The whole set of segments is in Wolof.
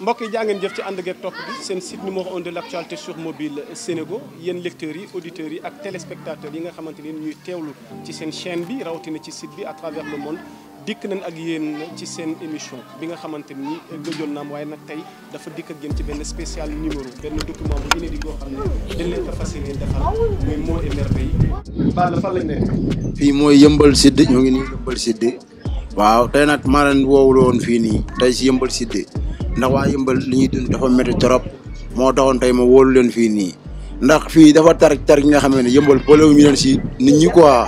mbokk jàngeen jaa jëf ci ànd geeg topp bi seen site numéro 1 de l' actualité sur mobile Sénégo yéen lecteur yi auditeurs yi ak téléspectateurs yi nga xamante ni ñuy teewlu ci seen chaîne bi rawatina ci site bi à travers le monde dikk nañ ak yéen ci seen émission bi nga xamante ni gëjoon naam waaye nag tey dafa dikk ak yéen ci benn spécial numéro benn document bu inédit boo xam ne dañ leen ko fas yéene defal muy Mots et Merveilles. Balla ne. fii mooy yëmbal sidd ñoo ngi nii yëmbal sidd waaw tey nag maa leen fii nii tey si yëmbal sidd ndax waa yëmbal li ñuy dund dafa métti trop moo taxoon tey ma wóolu leen fii nii ndax fii dafa tar tar ñi nga xam ne yëmbal boolewuñu ñu leen si nit ñi quoi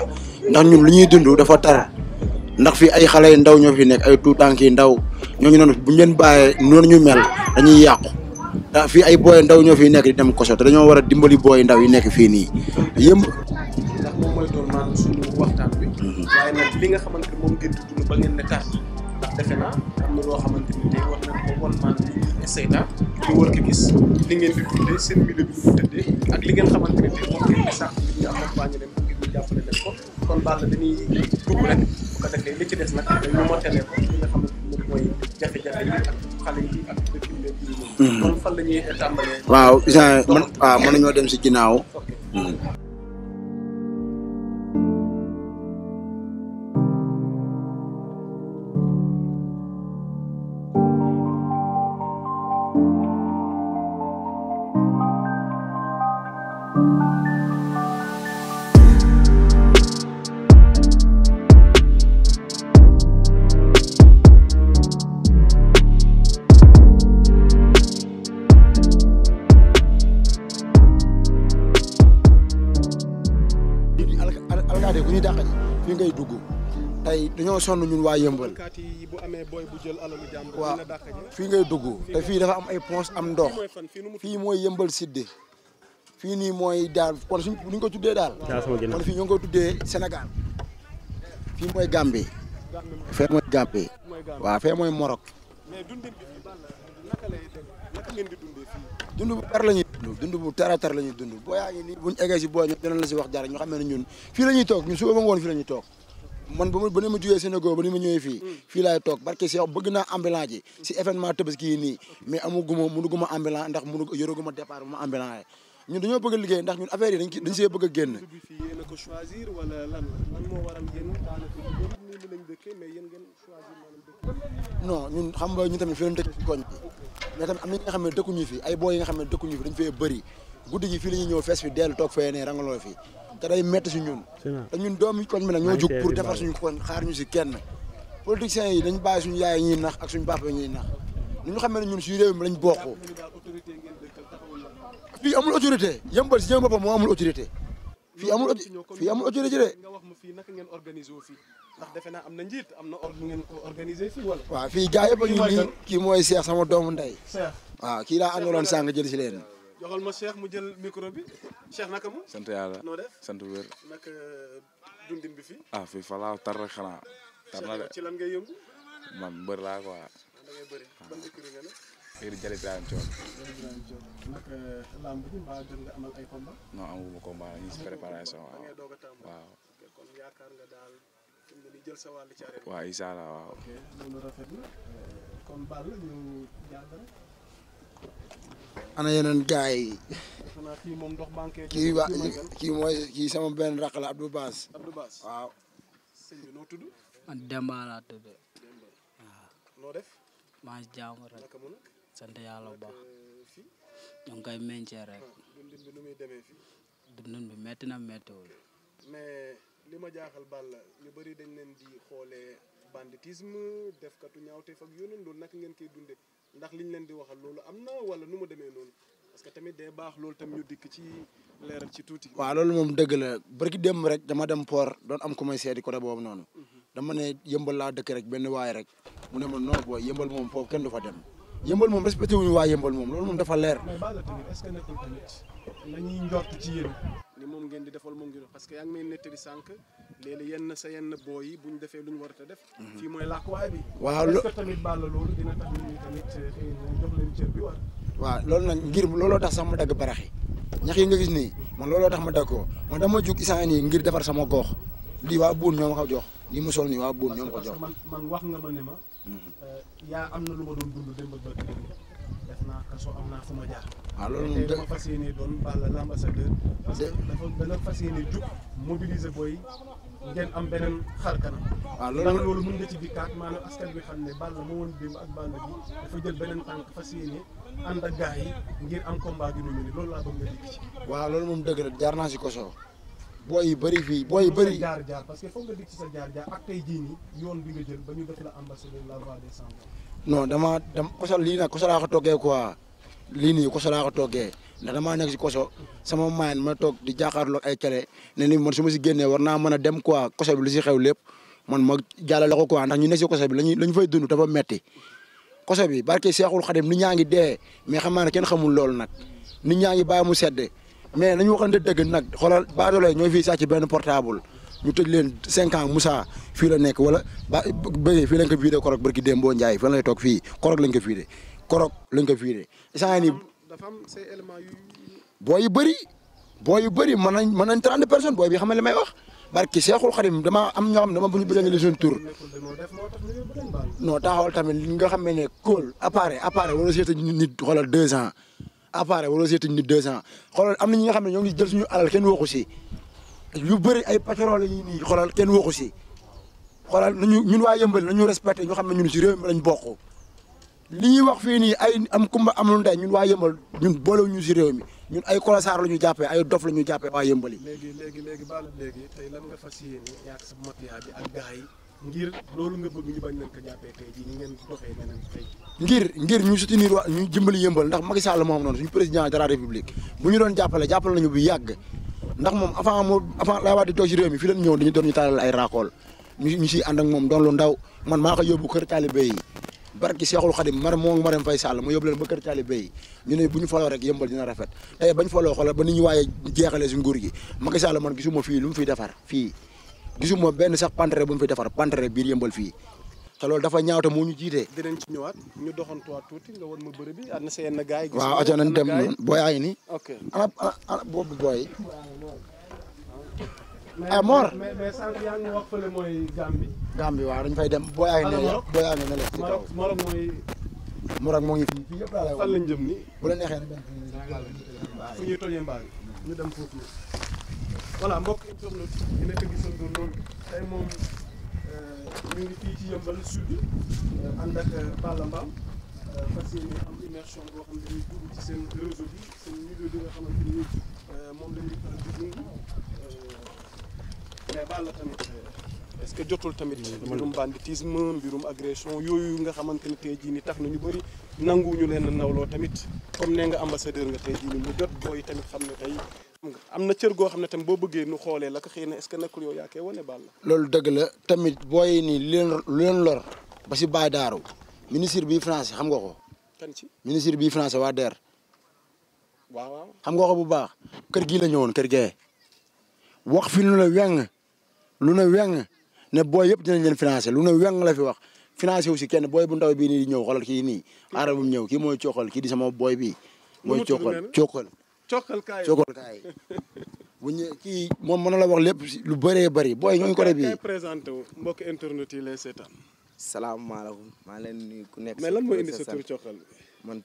ndax ñun li ñuy dund dafa tar ndax fii ay xale yu ndaw ñoo fi nekk ay tuutànk yi ndaw ñooñu noonu bu ñu leen bàyyee noonu ñu mel dañuy yàqu ndax fii ay booy ndaw ñoo fi nekk dem koso te dañoo war a dimbali booy ndaw yi nekk fii nii yëmb. Mhm. li nga xamante moom defe naa am na loo xamante ni tey war nañ ko wan maan li ñuy essayta ñu war ko gis li ngeen di dundee seen milieu bi mu tëddee ak li ngeen xamante ni tey moom ngeen di sàq ngir ñu accompagner leen ko ngir ñu jàppale leen ko kon Balla dañuy dugg rek bu ko defee li ci des nag ñu mottalee ko li nga xamante ni moom mooy jafe-jafe yi ak xale yi ak dëkk yi hmm. kon fan la ñuy tàmbalee waaw Jean man waaw mën nañoo dem si ginnaaw hmm. dañoo sonn ñun waa yëmbal waaw fii ngay dugg te fii dafa am ay ponce am ndox fii mooy yëmbal sidde fii mooy daal kon suñ ñu ko tuddee daal kon fii ñoo ngi ko tuddee Sénégal fii mooy Gambie fee mooy Gambie waaw fee mooy Maroc dund bu tar la ñuy dund dund bu tar a tar la ñuy dund boo yaa ngi nii buñ eggee si boo ñu dinañ si wax dara ñoo xam ne ñun fii la ñuy toog ñun suba ba ngoon fii la ñuy toog man ba ba ni ma jugee Sénégal ba ni ma ñëwee fii fii laay toog barke si bëgg naa ambulant ji si événement mais amuguma munuguma ambulant ndax munu yoruguma départ bu ma ñun dañoo bëgg a liggéey ndax ñun affaire yi dañ dañ see bëgg a génn yéen a ko choisir wala lan lan moo waral yéen mais yéen ngeen choisir maanaam ñun xam nga ñu tamit fi lañ dëkk ci koñ bi mais tamit am na ñi xam ne dëkkuñu fi ay boo yi nga xam ne dëkkuñu fi dañ fee bëri guddi gi fii la ñuy ñëw fees fi dellu toog fee ne rangaloo fii te day métti si ñun te ñun doomi koñ na nag ñoo jug pour defar suñu koñ xaar ñu si kenn politiciens yi dañu bàyyi suñu yaay ñuy nax ak suñu papa ñuy nax nu ñu xamee ne ñun suñu réew mi lañ bokk fii amul autorité yëmbal si jëm boppam mu amul autorité fii amul fii amul autorité de nga wax ma fii naka ngeen organisé fii ndax defe naa am na njiit am na ordre ngeen organisé fii wala waaw fii gars yëpp a ñu nii kii mooy Cheikh sama doom ndey waaw kii laa àndaloon sàng jël si leen joxal ma Cheikh mu jël micro bi Cheikh naka mu. sant yàlla noo def sant wér. naka euh, dundin bi fii. ah fii fa laa tar xanaa. tar na ci lan ngay yëngu. man mbër laa quoi. man ah, da ngay bëri ah. ban écurie nga ne. écurie Jalle Ibrahima Thion. Jalle Ibrahima Thion naka euh, lamb bi mbaa jot préparation waaw. waaw. kon yaakaar jël sa wàll ci arène. waaw incha allah waaw. ok loolu euh, baal la ñu jàll rek. ana yeneen gaa yi kii waa kii mooy kii sama benn rakk la Abdou baas waaw. man Demba noo tudd waaw def ma jaamu rek sant yàlla bu baax eh, ñu ngi koy meññee rek ah, dundin bi metti na méttiwul. mais li ma jaaxal Balla ñu bari dañ leen di xoolee banditisme def katu ñaawteef ak yóneen loolu naka ngeen koy dundee. ndax liñ leen di waxal loolu am na wala nu mu demee noonu parce que tamit day baax loolu tam ñu dikk ci leeral ci tuuti. waaw loolu moom dëgg la bërki démb rek dama dem port doon am ku may seeti côté boobu noonu. Mhm. dama ne yëmbal laa dëkk rek benn waay rek mu ne ma non booy yëmbal moom foofu kenn du fa dem. yëmbal moom respecté wuñu waa yëmbal moom loolu moom dafa leer. mais Balla tamit est que nekkul tamit la ci yéen. ni moom ngeen di defal moom ngeen parce que yaa ngi may nettali sànq. léegi léeg yenn sa yenn boo yi bu ñu defee lu ñu war a def. Mhm. fii mooy làkkuwaay bi. waaw lo eh, bi waaw loolu nag ngir looloo tax sax ma dagg barax yi ñax yi nga gis nii man looloo tax ma dagg ko man dama jug isaan nii ngir defar sama goox lii waa buun ñoo ma ko jox lii mu sol nii waa buun ñoo ma ko jox. man man wax nga ma ne ma. Mhm. Eh, yaa am na lu ma doon dund démb ba démb def naa kaso am naa fu ma jaar. waaw ah, loolu moom tey ma fas yéene doon Balla l'ambassadeur. parce que dafa dana fas yéene jug mobiliser booy ngeen am beneen xar kanam. waaw ah, loolu loolu mën nga ci dikkaat maanaam askan bi xam ne Balla moo woon démb ak Balla bi dafa jël beneen tànk fas yéene ànd ak gars yi ngir am combat gi nu mu ne loolu laa bëgg nga dikk ci. waaw loolu moom dëgg la jaar naa si koso. booy yi bëri fii booy yi bëri jaar jaar parce que foog nga dikk ci sa jaar jaar ak tey jii nii yoon bi nga jël ba ñu def la ambassadeur la voix des sans voix. non dama dama koso lii nag koso laa ko toggee quoi. lii nii koso laa ko toggee ndax damaa nekk si koso sama mayen ma toog di jàkkaarloog ay cale ne ni man su ma si génnee war naa mën a dem quoi koso bi lu si xew lépp man ma jàllale ko quoi ndax ñu nekk si koso bi lañu lañu fay dund dafa metti koso bi barke Seexul Xadim nit ñaa ngi dee mais xam naa ne kenn xamul lool nag nit ñaa ngi bàyyi mu sedd mais nañu waxante dëgg nag xoolal baadole ñoo fii sàcc benn portable ñu tëj leen cinq ans Moussa fii la nekk wala ba bëggee fii lañ ko vidé korog barki Dembo Ndiaye toog fii korog lañ ko vidé korok lañ ko fiiree. instant yii nii dafa am say éléments yu. booy yu bëri. booy yu bëri mën nañ mën nañ trente booy bi xam ne li may wax barki Seexul Xadim damaa xam ne dama bu ñu bëggee seen tur. non taxawal tamit nga xam ne kóol appareil appareil wala seeta ñu nit xoolal ñu deux ans xoolal am na ñi nga xam ne ñoo ngi jël suñu alal kenn waxu si. yu bëri ay pétrole yi nii xoolal kenn waxu si xoolal ñu ñu waa yëmbal nañu na ñu xam ne ñun si réew mi lañ bokk li ñuy wax fii nii ay am kumba am lu ndey ñun waa yëmbal ñun boole ñu si réew mi ñun ay kolosaar la ñu jàppee ay dof la ñu jàppee waa yëmbal léegi léegi léegi baal léegi lan nga fas yéene yàq sa mafia bi ngir loolu nga bëgg ñu bañ leen ko jàppee tey jii ñu ngeen doxee neneen tey. ngir ngir ñu soutenir waa ñu jëmbali yëmbal ndax Macky Sall moom noonu suñu président de la république bu ñu doon jàppale jàppale nañu bu yàgg ndax moom avant moo avant laa waa di si réew mi fi leen ñëw dañu doon ñu taalal ay raakool ñu ñu siy ànd ak moom doon lu ndaw man maa ko yóbbu kër taalibe yi barki Seexul Xadim mar moom Marème Faye Sall mu yóbbu leen ba kër taalibe yi ñu ne bu ñu faloo rek yëmbal dina rafet tey bañ faloo xoolal ba ni ñu waaye jeexalee nguur gi Macky Sall man gisuma fii lu mu fiy defar fii gisuma benn sax pantere ba mu fiy defar pantere biir yëmbal fii te loolu dafa ñaaw te moo ñu jiitee dinañ ci ñëwaat ñu doxantuwaat tuuti nga won ma bërëb bi am na sa yenn yi waaw aco nañ dem noonu nii ana boobu booy ah Mor mais mais sànq yaa ngi wax fële mooy Gambie. Gambie waaw dañ fay dem boo yaa ngi ne boo yaa ngi ne la. Maroc Maroc mooy. Maroc moo ngi fii fii yëpp laa lay wax ñu dem foofu voilà mbokk internet yi nekk gisandoo loolu tey moom euh, ñu ngi fii ci yëmbal sud euh, ànd ak euh, Balla fas yéene am immersion boo xam ne dañuy dugg ci seen réseau bi seen milieu bi nga xamante ni moom la ñuy faral mais Balla tamit euh, est-ce que jotul tamit. mbirum banditisme mbirum agression yooyu nga xamante ne tey jii nii tax na ñu bëri nanguwuñu leen nawloo tamit comme nee nga ambassadeur nga tey jii nii mu jot booy tamit xam ne tey. am na cër goo xam ne tamit boo bëggee nu xoolee la xëy na est-ce que nekkul yow yaa koy loolu dëgg la tamit booy nii lu leen lu leen lor ba si Baye Darou ministre bii français xam nga ko. kan ci ministre bii français waa DER. xam nga ko bu baax. kër gii la ñëwoon kër gee wax fi nu la weng lu ne weng ne booy yëpp dinañ leen financé lu ne weng la fi wax financé wu si kenn booy bu ndaw bii nii di ñëw xoolal kii nii arabum ñëw kii mooy coxal kii di sama booy bi mooy coxal coxal coxal kaay coxal kaay bu ñu kii moom mën na la wax lépp lu bëree bëri booy ñooñu ko def bii présenté wu mbokk internet yi lay seetaan salaamaaleykum maa leen nuyu ku nekk mais lan mooy indi sa tur coxal man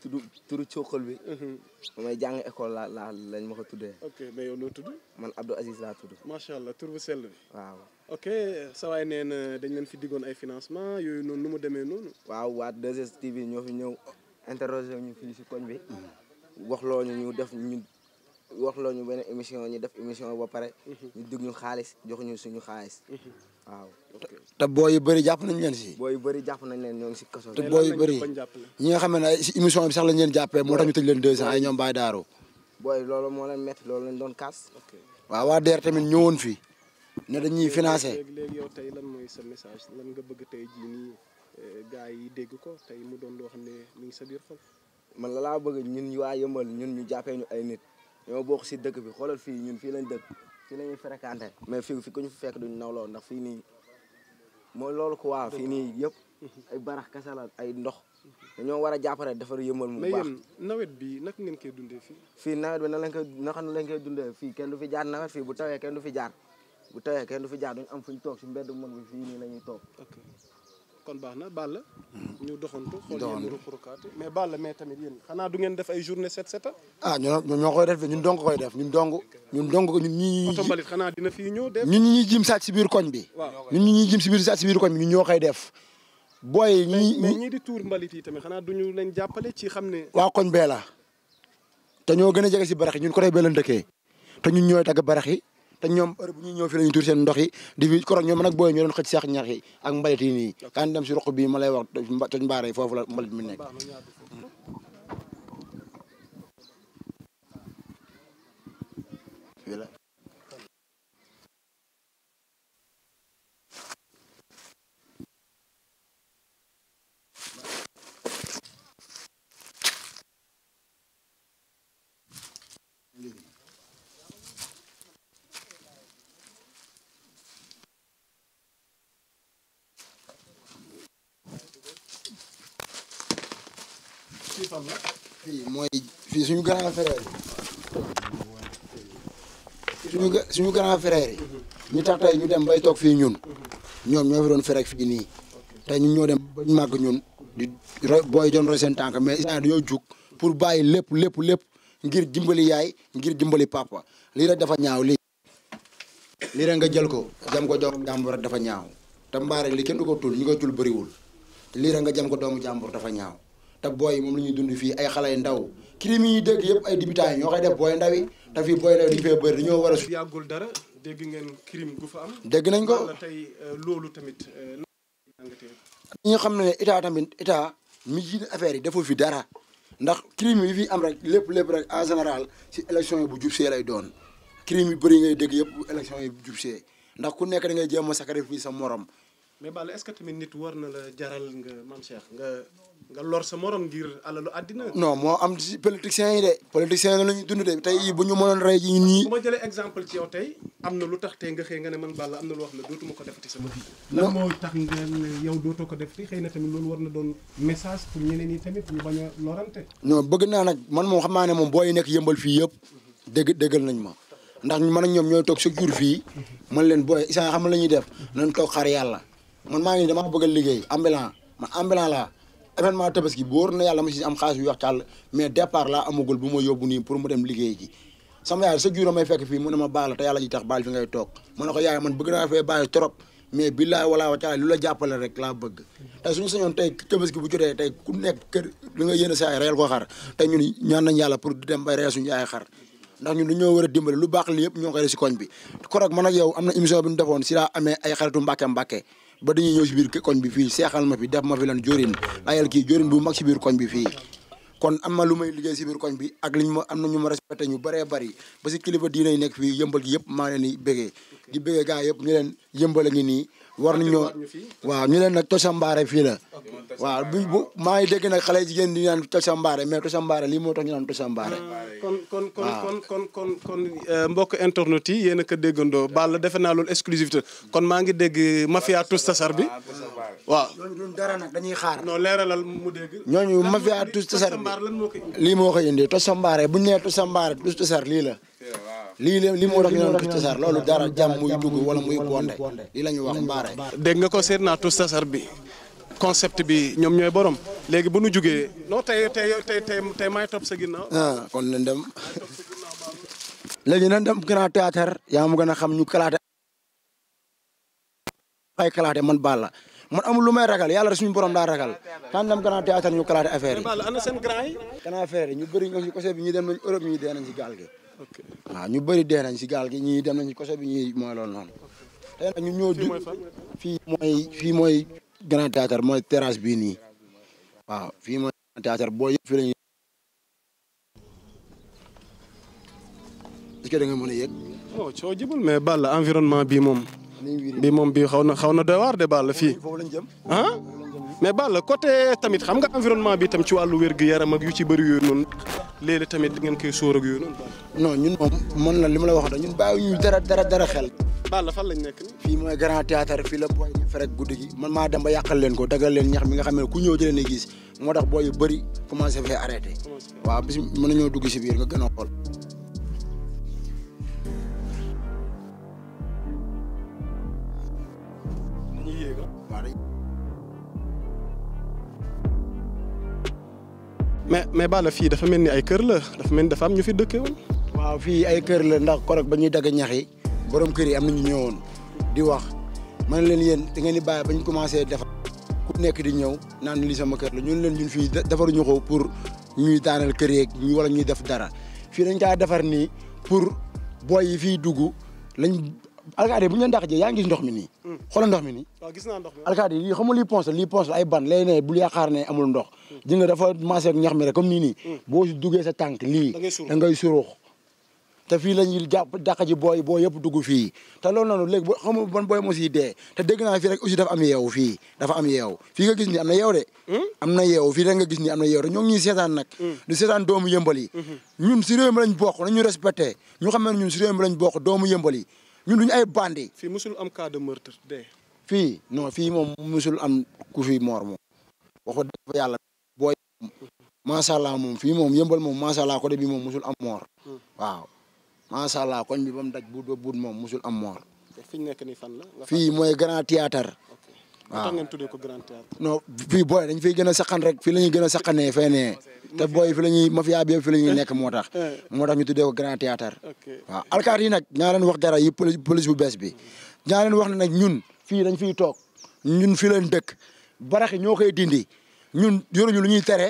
tudd turu coxal bi. Mhm. ba may jàng école la la lañ ma ko tuddee. ok mais yow noo tudd. man Abdou Aziz laa tudd. macha allah tur bu sell bi. waaw. ok sa waay nee na dañ leen fi diggoon ay financement yooyu noonu nu mu demee noonu. waaw waa 2STV ñoo fi ñëw interroger ñu fii si koñ bi. wax loo ñu ñu def ñu wax loo ñu benn émission ñu def émission ba pare. Mhm. ñu dig ñu xaalis jox ñu suñu xaalis. Mhm. waaw te booy yu bëri jàpp nañ leen si. booy yu bëri jàpp nañ leen ñoom si kaso te booy yu bëri ñi nga xam ne si émission bi sax lañ leen jàppee moo tax ñu tëj leen deux ans ay ñoom Baye Darou. booy loolu moo leen métti loolu lañ doon kaas. waaw waa DER tamit ñëwoon fii ne dañuy financé. léegi yow tey lan mooy sa message lan nga bëgg tey jii nii eh, yi dégg ko tey mu doon loo xam ne mu ngi sa biir xol. man la laa bëgg ñun waa yëmbal ñun ñu jàppee ñu ay nit ñoo bokk si dëkk bi xoolal fii ñun fii lañ dëkk fii la ñuy fréquenté mais fii fi ku ñu fekk duñ nawloo ndax fii nii moo loolu ko waaw fii nii yëpp ay barax kese la ay ndox dañoo war a jàppale defar yëmal mu baax nawet bi naka ngeen koy dundee fii fii nawet bi na lañ koy naka lañ koy dundee fii kenn du fi jaar nawet fii bu tawee kenn du fi jaar bu tawee kenn du fi jaar duñ am fu ñu toog si mbedd mën bi fii nii la ñuy toog kon baax na Balla. Mm-hmm. ñu doxantu xool yéen ruqrukaate mais Balla mais tamit yéen xanaa du ngeen def ay journée set set ah ñu ñoo koy def ñu dong koy def ñun dong ñun dong ñun ñi xanaa dina fii ñëw def ñun ñi ñuy jim saat si biir koñ bi ñun ñi ñuy jim si biir saat si ñoo koy def booy ñi mais ñii di tuur mbalit yi tamit xanaa duñu leen jàppale ci xam ne waa koñ bee la te ñoo gën a jege si barax ñu ñun côté bee lañ dëkkee te ñun ñooy dagg barax yi te ñoom heure bu ñuy ñëw fi la ñuy seen ndox yi di fi koroog ñoom nag booy ñoo doon xëcc saax ñax yi ak mbalit yi nii kaan dem si roq bii ma lay wax toj mbaare yi foofu la mbalit mi nekk voilà fii suñu grand frère yi suñu ñu tax tey ñu dem bay toog fii ñun ñoom ñoo fi doon ferek fii nii tey ñoo dem bañ màgg ñun booy doon roy seen tànk mais instant dañoo jug pour bàyyi lépp lépp lépp ngir dimbali yaay ngir dimbali papa lii rek dafa ñaaw lii lii rek nga jël ko jam ko doomu jàmbur rek dafa ñaaw te mbaare li kenn du ko tul ñu koy tul bariwul lii rek nga jam ko doomu jàmbur dafa ñaaw te booy moom la ñuy dund fii ay xale yu ndaw crime yi ñu dégg yëpp ay débutants yi ñoo koy def booy ndaw yi te fii war a. yàggul dara dégg ngeen crime gu fa am. dégg nañ ko wala tey euh, loolu tamit. Euh, ñu xam ne état tamit état mi ji affaire yi deful fi dara ndax crime yi fi am rek lépp lépp rek en général ci élection yi bu jub see lay doon crime yu bëri ngay dégg yëpp élection yi bu jub ndax ku nekk da ngay jéem a sacrifice sa morom. mais Balla est-ce tamit nit war na la jaral nga Mame Cheikh nga lor sa morom ngir alalu àddina. non moo am ci politiciens yi de. politiciens yi la dund de tey bu ñu mënoon rey ji ñii. bu ma jëlee exemple ci yow tey am na lu tax tey nga xëy nga ne man Balla am na loo xam ne dootuma ko defati sama vie. lan moo tax nga yow xëy na tamit loolu war na doon message pour ñeneen ñi tamit bëgg naa nag man moom xam ne moom booy nekk yëmbal fii yëpp dégg déggal nañ ma ndax man a ñoom ñooy toog chaque jour fii man leen booy isaan xam la ñuy def nañ toog xaar yàlla man maa ngi dama bëgg liggéey ambulant man ambulant laa événement tabaski bu wóor na yàlla ma si am xaalis yu wax càll mais départ laa amagul bu ma yóbbu nii pour mu dem liggéey ji sama yaay sa juróom may fekk fii mu ne ma baal te yàlla ji tax baal fi ngay toog ma ne ko la jàppale rek laa bëgg tey suñu sañoon tey tabaski bu jotee tey ku nekk kër li nga yéene sa ay reyal ko xar te ñun ñaan nañ yàlla pour dem bay reyal xar ndax ñun dañoo war a dimbale lu baax li yëpp ñoo koy si koñ bi korog man ak yow am na émission bi ñu defoon si la amee ay xaritu mbàkke mbàkke ba ñuy ñëw si biir koñ bi fii seexal ma fi def ma fi lan jóorin ayal kii jóorin bu mag si biir koñ bi fii kon am na lu may liggéey si biir koñ bi ak liñ ma am na ñu ma respecté ñu bëree bëri ba si kilifa diine yi nekk fii yëmbal gi yëpp maa leen ni bégee di bégee gaa yëpp ñu leen yëmbal a ngi nii war nañoo waaw ñu leen nag tosambaare fii la waaw bu bu maa ngi dégg nag xale jigéen di naan tosambaare mais tosambaare lii moo tax ñu naan tosambaare kon kon kon kon kon kon kon mbokk internautes yi yéen a ko déggandoo Balla defe naa loolu exclusivité kon maa ngi dégg mafia tous sar bi ah, waaw ñooñu duñ dara nag dañuy xaar non leeralal mu dégg ñooñu mafia tous tasar bi lii moo ko indi tosambaare bu ñu nee tosambaare tous tasar lii la lii la li moo tax ñu naan loolu dara jàmm muy dugg wala muy bonde lii la ñu wax mbaare. dégg nga ko seet naa tus tasar bi concept bi ñoom ñooy borom léegi bu nu jugee non tey tey tey tey tey maay topp sa ginnaaw. ah kon nañ dem dem grand théâtre yaa gën a xam ñu kalaate ay kalaate man baal la man amul lu may ragal yàlla suñu borom daa ragal kan dem grand ñu kalaate affaire yi. grand affaire ñu bëri ñu ko bi ñu dem nañ Europe ñu dee nañ si gaal gi. ñu bari dee nañ si gaal gi ñii dem nañ si koso bi ñii mooy loolu noonu. tey nag ñun ñoo ju fii mooy fii mooy grand théâtre mooy terrasse bii nii waaw fii mooy grand théâtre boo yëpp fii la ñuy. est-ce oh, mais Balla environnement bii moom. bii moom bii xaw na xaw na doy waar de Balla fii. foofu lañ jëm ah? mais Balla côté tamit xam nga environnement bi tam ci wàllu wér gi yaram ak yu ci bëri yooyu noonu léeg-léeg tamit di ngeen koy sóor ak yooyu noonu. non ñun moom mën na li ma la wax da ñun bàyyi ñu dara dara dara xel. Balla fan lañ nekk nii. fii mooy grand théâtre fii la booy ñu guddi gi man maa dem ba yàqal leen ko dagal leen ñax mi nga xam ne ko ñëw jëlee ne gis moo tax booy yu bëri commencé fee arrêté. waaw bis mën nañoo dugg si biir nga gën a xool. mais mais Balla fii dafa mel ni ay kër la dafa mel ni dafa am ñu fi dëkkee waaw fii ay kër la ndax korog ba ñuy dagg ñax yi borom kër yi am na ñu ñëwoon di wax mën man leen yéen da ngeen di bàyyi bañ ñu defar ku nekk di ñëw naan li sama kër la ñun leen ñun fii defaruñu ko pour ñuy daaneel kër yeeg ñu wala ñuy def dara fii dañ taa defar nii pour boy yi fii dugg lañ. alkaati bu ñu leen dàq jee yaa ngi ndox mi nii. Hmm. xoolal ndox mi nii. waaw gis naa ndox mi alkaati yi xam nga liy ponce la ay ban lay ne bul yaakaar ne amul ndox ji nga dafa maase ñax mi rek comme nii nii. Hmm. boo duggee sa tànk lii. da ngay surux te fii la ñuy jàpp dàq ji booy booy yëpp dugg fii te lool noonu léegi boo xamul ban booy moo siy dee te dégg naa fii rek aussi fii dafa am yeewu fii nga gis ni am na yeew de. Hmm? am na yeewu fii rek nga gis ni am na yeew de ñoo ngi ñuy seetaan nag. Hmm. doomu yëmbal si réew mi lañ bokk nañu respecté xam ne ñun si réew mi lañ doomu yëmbal yi ñun duñu ay bandi. fii musul am cas de fii non fii moom musul am ku fi moor moom wax dëgg yàlla macha allah moom fii moom yëmbal moom macha allah côté bi moom musul am moor. Hmm. waaw macha allah koñ bi ba mu daj buut ba buut moom musul am moor. fi ñu nekk nii fan la. fii mooy grand théâtre. waaw tax ngeen tuddee ko grand théâtre. non booy dañ fiy gën a saqan rek fii la ñuy gën a saqanee fee nee booy fi lañuy ñuy mafia bi fi la ñuy nekk moo tax. Eh. moo tax ñu tuddee ko grand théâtre. waaw alkaat yi nag ñaa leen wax dara yi police police bu bees bi. ñaa wax na nag ñun fii dañ fiy toog ñun fi lañ dëkk barax yi ñoo koy dindi. ñun yoruñu lu ñuy tere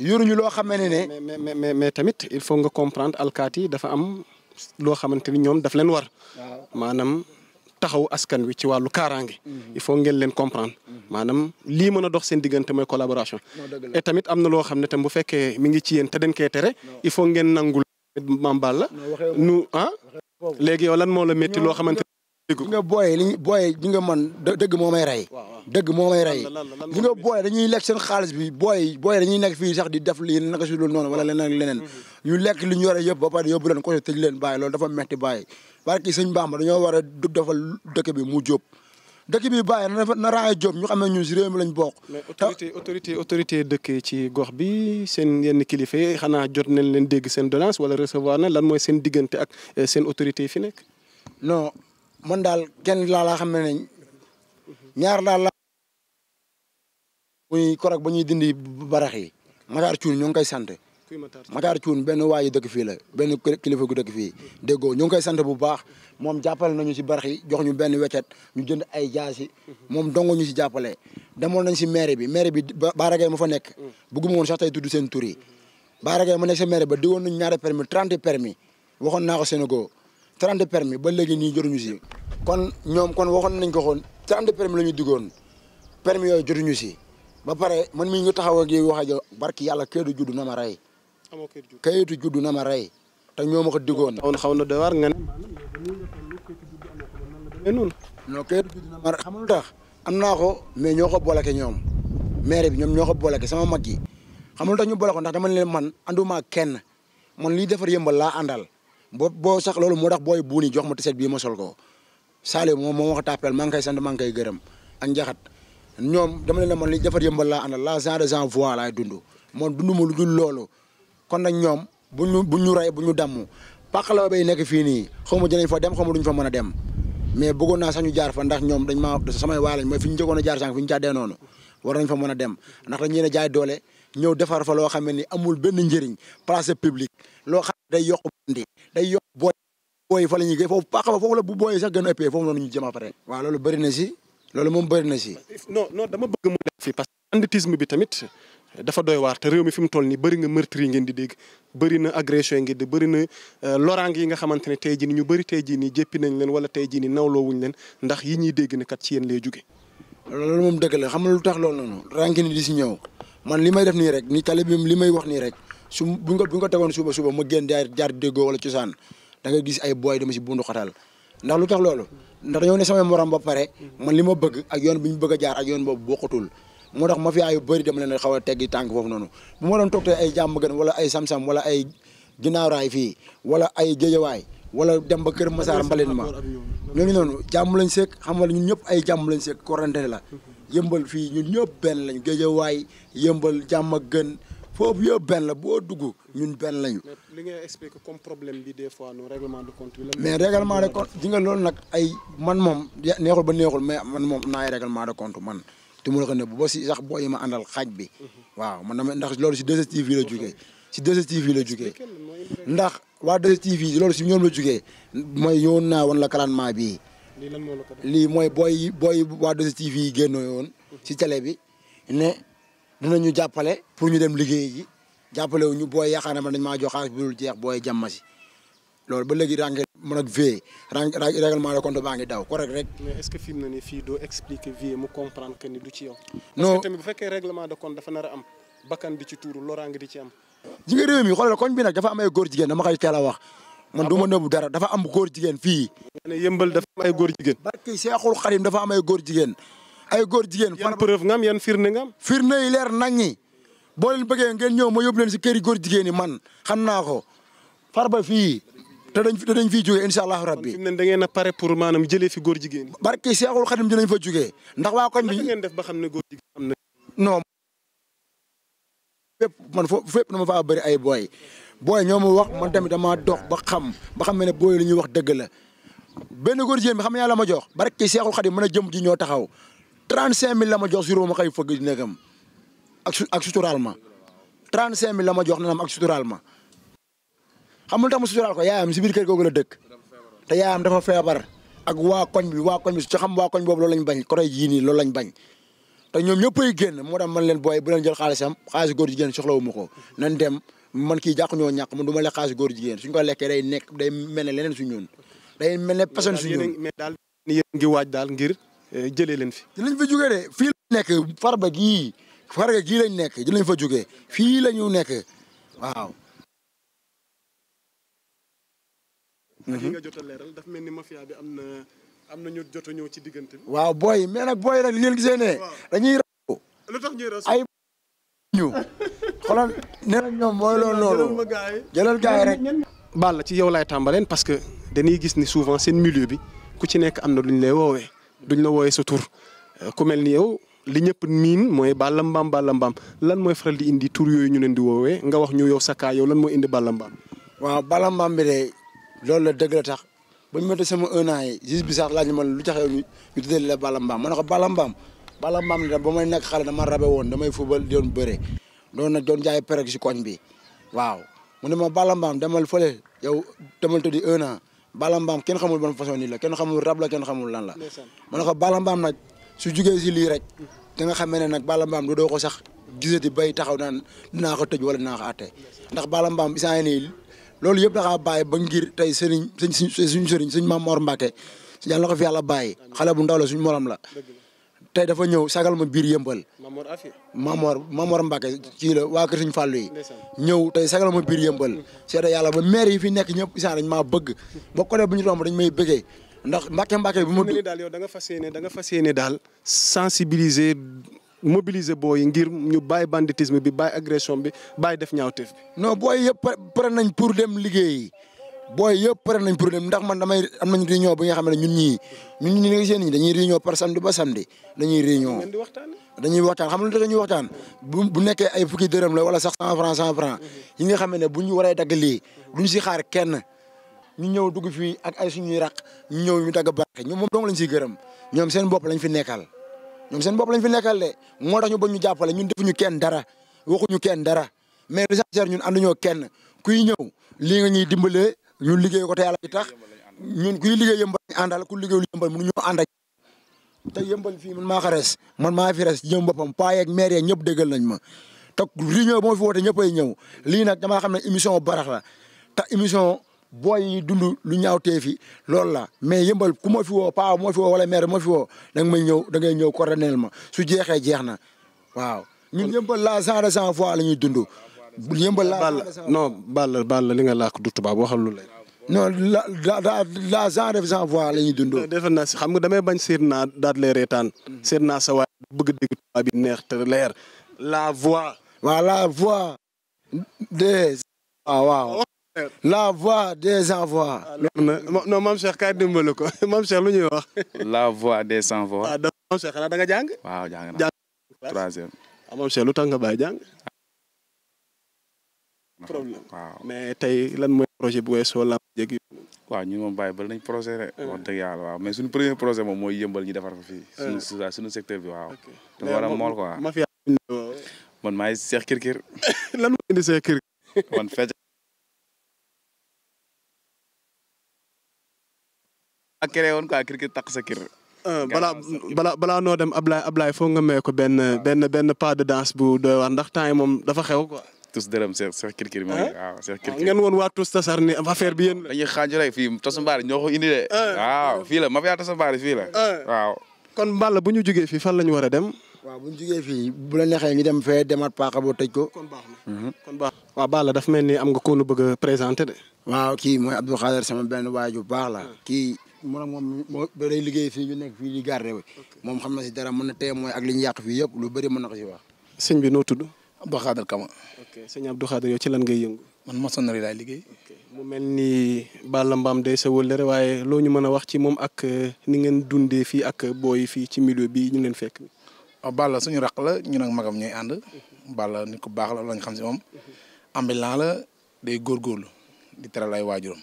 yoruñu loo xam ne ne. mais mais mais mais tamit il faut nga comprendre alkaati dafa am loo xamante ni ñoom daf leen war. maanaam taxaw askan wi ci wàllu kaaraange. Mhm. il faut ngeen leen comprendre. Mhm. maanaam lii mën a dox seen diggante mooy collaboration. et tamit am na loo xam ne tam bu fekkee mi ngi ci yéen te dañ koy tere. il faut ngeen nangul. maam Balla nu ah. léegi yow lan moo la métti loo xamante li nga booyee li booyee nga man dëgg moo may rey. dëgg moo may rey li nga booyee dañuy lekk seen xaalis bi booy booyee dañuy nekk fii sax di def lii naka si loolu noonu wala leneen leneen. Mm-hmm. ñu lekk li ñu yore yëpp ba pare yóbbu leen ko tëj leen bàyyi loolu dafa metti bàyyi. barki sëñ Bamba dañoo war a dëkk bi mu jóob dëkk bi bàyyi na na raaya jóob ñu xam ne ñu si réew mi lañ bokk. mais autorité autorité dëkk ci gox bi seen yenn kilifa yi xanaa jot nañ leen dégg seen doléance wala recevoir na lan mooy seen diggante ak eh, seen autorité fi nekk non man daal kenn laa laa xam ne nañ ñaar daal la muy korog ba ñuy dindi barax yi Matar Cuun ñoo ngi koy sant Matar Cuun benn waayi dëkk fii la benn kilifa gu dëkk fii déggoo ñoo ngi koy sant bu baax moom jàppale nañu si barax yi jox ñu benn weccet ñu jënd ay jaasi moom dongo ñu si jàppale demoon nañ si maire bi maire bi baaragay ma fa nekk bëgguma woon sax tey tudd seen tur yi baaragay ma nekk sa maire ba digoon nañ ñaari permis trente permis waxoon naa ko Sénégal 30 permis ba léegi nii jotuñu si kon ñoom kon waxoon nañ ko xoon 30 permis la ñu duggoon permis yooyu jotuñu si ba pare man mii nga taxaw ak yow wax ak barki yàlla kayitu juddu na ma rey. amoo kayitu juddu kayitu juddu na ma te ñoo ma ko diggoon. xaw na xaw na doy nga ne. non kayitu juddu na ma rey xam tax am naa ko mais ñoo ko booleke ñoom maire bi ñoom ñoo ko booleke sama mag yi xam lu tax ñu boole ndax dama ne leen man anduma kenn man liy defar yëmbal laa àndal. boo boo sax loolu moo tax booy buuni jox ma tiset bii ma sol ko Saliou moom moo ma ko tàppeel maa ngi koy sant maa ngi koy gërëm ak njaxat ñoom dama leen la genre de gens voix laay dund moom ma lu kon nag ñoom bu ñu bu ñu rey bu ñu damm pàqaloo bay nekk fii nii xaw ma dinañ fa dem xaw ma duñ fa mën a dem mais bëggoon naa sax ñu jaar fa ndax ñoom dañ ma samay waa lañ mooy fi ñu njëkkoon a jaar sànq fi ñu càddee noonu war nañ fa mën a dem ndax dañ leen a doole ñëw defar fa loo xam ne ni amul benn njëriñ place publique loo xam day yokk bandi day yokk booy booy fa la ñuy gën foofu paax ba foofu la bu booyee sax gën a ëppee loolu bëri si loolu moom bëri si non non dama bëgg mu def fii parce que banditisme bi tamit dafa doy waar te réew mi fi mu toll nii bëri nga meurtre yi ngeen di dégg bëri na agression yi ngeen di bëri na euh, loraang yi nga xamante ne tey ji ni ñu bëri tey jii nii jéppi nañ leen wala tey jii nii nawloowuñ leen ndax yi ñuy dégg ne kat ci yéen lay jóge loolu moom dëgg xam nga lu tax loolu noonu ranki ni di si ñëw man li may def nii rek ni tali li may wax nii rek su bu nga bu nga tegoon suba suba ma génn jaar jaar déggoo wala cosaan da nga gis ay booy dama si bundu xatal ndax lu tax loolu ndax dañoo ne samay morom ba pare man li ma bëgg ak yoon bi ñu bëgg jaar ak yoon boobu bokkatul moo tax mafia yu bëri dama leen xaw a teggi tànk foofu noonu bu ma doon toog tey ay jàmm gën wala ay sam-sam wala ay ginnaawraay fii wala ay géejawaay wala dem ba kër Masaar mbalit ma ñooñu noonu jàmm lañ sekk xam nga ñun ñëpp ay jàmm lañ sekk korante la yëmbal fii ñun ñëpp benn lañ géejawaay yëmbal jàmm gën foofu yëpp benn la boo dugg ñun benn lañu. bi des fois non règlement de compte bi la. mais règlement de compte ji loolu nag ay man moom neexul ba neexul mais man moom naay règlement de compte man. te mu la bu ba ma àndal xaaj bi. Mhm. waaw man dama ndax loolu si 2STV la jugee. si 2STV la jugee. ndax waa 2STV loolu si ñoom la jugee. mooy yoon naa woon la kalanmaa bii. lii lii mooy booy booy waa 2STV yi génnoo woon. Mhm. si télé bi ne. dinañu jàppale pour ñu dem liggéey ji jàppale wu ñu booy yaakaar ne man dañ maa jox xaalis bu jeex booy jàmm si loolu ba léegi daa ngi mën a vie règlement de compte baa ngi daw correct rek. mais est ne fii doo expliquer vie mu comprendre que ni du ci yow. non bu fekkee règlement de compte dafa nar a am bakkan di ci tuuru loraange di ci am. réew mi xoolal koñ bi nag dafa am ay góor jigéen dama koy teel a wax. man ah du ma nëbbu dara dafa am góor jigéen fii. ne yëmbal dafa am ay góor jigéen. barki Seexul Xadim dafa am góor jigéen. ay góor jigéen. yan preuve nga am yan firnde nga am. firnde yi leer nañ ñi boo leen ngeen ñëw ma yóbbu leen si kër yi góor jigéen yi man xam naa ko Farba fii te dañ fi te dañ fiy jógee incha allahu rabbi. kon fi mu ne da ngeen a pare pour maanaam jëlee fi góor jigéen yi. barke Seexul Xadim dinañ fa jógee ndax waa koñ bi. ngeen def ba xam ne góor am na. non. man foofu fépp na ma bëri ay booy booy ñoo ma wax man tamit damaa dox ba xam ba xam ne booy li ñuy wax dëgg la benn góor jigéen bi xam ne yàlla ma jox barke Seexul Xadim mën a jëm ji ñoo taxaw 35000 la ma jox si ma xëy fëgg nekkam ak su ak suturaal ma 35000 la ma jox nanam ak suturaal ma xam nga tax ma suturaal ko yaayam si biir kër googu la dëkk te yaayam dafa feebar ak waa koñ bi waa koñ bi xam waa koñ boobu loolu lañ bañ côté yii nii loolu lañ bañ te ñoom ñëppay moo tax man leen booy bu leen jël xaalisam xaalis góor jigéen soxlawu ma ko nañ dem man kii jàq ñoo ñàkk man du ma lekk xaalis góor jigéen suñ ko lekkee day nekk day mel ne leneen su ñun day mel ne personne su ñun mais ngi waaj daal ngir Eh, jëlee leen fi. dinañ fa jugee de fii lañ nekk farba gii farba gii lañ nekk dinañ fa jugee fii la ñu nekk waaw. li nga mhm. jot a daf mel ni mafia bi am na am na ñu jot ci diggante waaw booy yi mais nag dañuy rasu. lu tax na ñoom mooy loolu loolu jëlal gars yi ci yow laay tàmbaleen parce que dañuy gis ni souvent seen milieu bi ku ci nekk am na lu ñu lay woowee. duñ la wooyee sa tur euh, ku li ñëpp miin mooy Balla Mbaam Balla Mbaam lan mooy faral di indi tur yooyu ñu leen di woowee nga wax ñu yow sa kaa yow lan mooy indi Balla Mbaam. waaw Balla Mbaam bi de loolu la dëgg la tax ba ñu méttee sama un an yi gis bi sax laaj ma lu tax yow ñu ñu tuddee la Balla ma ne ko Mbaam Balla Mbaam da ba may nekk xale dama rabe woon damay fubal doon bëre doon na doon jaay perek si koñ bi waaw mu ne ma Balla Mbaam demal fële yow demal tuddi un an Balambaam kenn xamul ban façon ni la kenn xamul rab la kenn xamul lan la. ma ne ko Balambaam nag su jugee si lii rek da nga xamee ne nag Balambaam du doo ko sax gisati bay taxaw naan dinaa ko tëj wala dinaa ko àtte ndax Balambaam isaan nii loolu yëpp dafa bàyyi ba ngir tey sëriñ suñ suñ sëriñ suñ maam Mor Mbacke yàlla na ko fi yàlla bàyyi xale bu ndaw la suñ morom la. tey dafa ñëw sagal ma biir yëmbal. Mamor Afi Mamor Mamor Mbacke ci la waa Kër Sëñ Fallou yi. ñëw tey sagal ma biir yëmbal. seede yàlla ba maire yi fi nekk ñëpp isaan añ maa bëgg. ba côté bu ñu romb dañ may bëggee ndax Mbacke Mbacke bi ma. mel daal yow da nga fas yéene da nga fas yéene daal sensibiliser mobiliser booy yi ngir ñu bàyyi banditisme bi bàyyi agression bi bàyyi def ñaawteef bi. non booy yëpp pare nañ pour dem liggéey booy yëpp pare nañ problème ndax man damay am nañ réunion bi nga xam ne ñun ñii ñun ñi nga seen ñi dañuy réunion par samedi ba samedi dañuy réunion dañuy waxtaan xam nga dañuy waxtaan bu bu nekkee ay fukki dërëm la wala sax cent franc cent franc mhm. yi nga xam ne bu ñu waree dagg lii mhm. ñu si xaar kenn ñu ñëw dugg fii ak ay suñuy raq ñu ñëw ñu dagg barke ñoom moom dong lañ siy gërëm ñoom seen bopp lañ fi nekkal ñoom seen bopp lañ fi nekkal de moo tax ñu ba ñu jàppale ñun defuñu kenn dara waxuñu kenn dara mais l'essentiel ñun ànduñoo kenn kuy ñëw lii nga ñuy dimbalee ñun liggéey ko te yàlla tax ñun ku liggéey yëmbal ñu àndal ku liggéeyul yëmbal mënu ñoo ànd ak te yëmbal fii man maa ko man maa fi res jëm boppam paa yeeg maire yeeg ñëpp déggal nañ ma te réunion bi ma fi woote ñëpp ay ñëw lii nag damaa xam ne émission barax la te émission booy yi dund lu ñaaw tee fi loolu la mais yëmbal ku ma fi woo paa moo fi woo wala maire moo fi woo da nga may ñëw ko ngay ñëw ma su jeexee jeex na waaw ñun yëmbal la cent de fois la ñuy dund yëmbal la non ball ball li l laak du tubaab waxal lu non la la la genre de sans voix la ñuy dundoo. defe naa si xam nga damay bañ seet naa daal lay reetaan. Mm-hmm. seet naa sa waay bëgg dégg tubaab neex te leer. la voix. waaw la voix des. waaw waaw. Oh, la voix des sans voix. Ah, non maam Cheikh kaay dimbali ko maam Cheikh lu ñuy wax. la voix des sans voix. ah dafa maam Cheikh xanaa da nga jàng. waaw jàng ah, lu tax nga bàyyi projet bu weesoo làmb jeeg yi. waaw ñun moom bàyyi ba nañ projet rek. Eh. mais suñu premier projet moom mooy yëmbal ñu defar fa fii. Eh. suñu suñu secteur bi waaw. dafa war a mool ma fi man maay Cheikh Kirkir. lan moo indi a Kirkir. man fecc sa kir. Eh, balaa balaa balaa dem Ablaye Ablaye nga may benn benn pas de danse bu doy ndax temps moom dafa xew quoi. tus dërëm seex seex kirkir ma waaw seex ah, kirkir ngeen woon waa tus tasar ni affaire bi yéen la dañuy xaaju rek fii tos mbaari ñoo indi de waaw la bu ñu jógee fii a dem waaw bu ñu jógee fii bu la neexee ñu dem fee demaat paaka boo tëj ko kon baax na mhm. kon baax waaw Balla daf mel ni am nga koo nu bëgg a présenté de waaw kii mooy Abdou sama benn waaju baax la kii mu ne moom moo day liggéey fii ñu moom xam na si dara mën na teye mooy ak li ñu yàq fii yëpp lu bëri mën a ko si wax bi noo tudd ok sëñ Abdou Khader yow ci lan ngay yëngu. man maçonnerie laay liggéey. mu mel nii Balla Mbaam day sa wëllëre waaye loo ñu mën a wax ci moom ak euh, ni ngeen dundee fii ak euh, booy fii ci milieu bi ñu leen fekk. waaw ah, Balla suñu raq la ñu ak magam ñooy ànd. Mhm. Balla nit ku baax la lañ xam si moom. Mhm. ambulant la day góorlu di teral ay waajuram.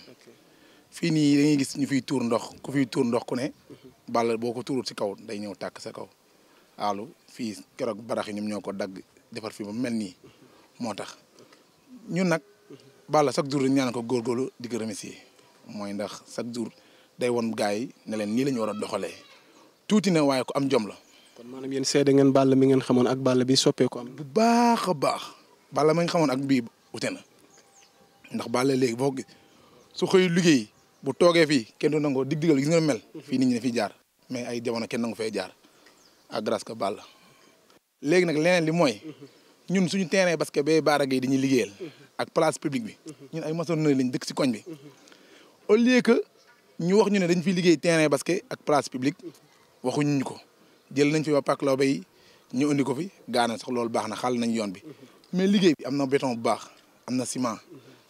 fii nii dañuy gis ñu fiy tuur ndox ku fiy tuur ndox ku ne. Mhm. Balla boo ko tuurul si kaw day ñëw tàkk sa kaw. aalu fii keroog barax yi ñoom ñoo moo tax ñun nag Balla chaque jour dañu ñaan ko góorgóorlu di ko remercier mooy ndax chaque jour day won gars yi ne leen nii la war a doxalee tuuti ne waaye ku am jom la. kon maanaam yéen seede ngeen Balla mi ngeen xamoon ak Balla bi soppeeku am. bu baax baax Balla ma nga xamoon ak bii ute na ndax Balla léegi boo gis su xëy liggéey bu toogee fii kenn du nangoo dig digal yi nga mel. Mhm. fii ni ñu ne fiy jaar mais ay jamono kenn nangu fee jaar à grâce que Balla léegi nag leneen li mooy. Mhm. ñun suñu terrain basket bee Baara Gueye dañuy liggéeyal ak place publique bi ñun ay maçonnerie lañ dëkk si koñ bi au lieu que ñu wax ñu ne dañ fiy liggéey terrain basket ak place publique waxuñu ñu ko jël nañ fi waa Pàcc Lawbe yi ñu indi ko fi gaana sax loolu baax na xàll nañ yoon bi mais liggéey bi am na béton bu baax am na ciment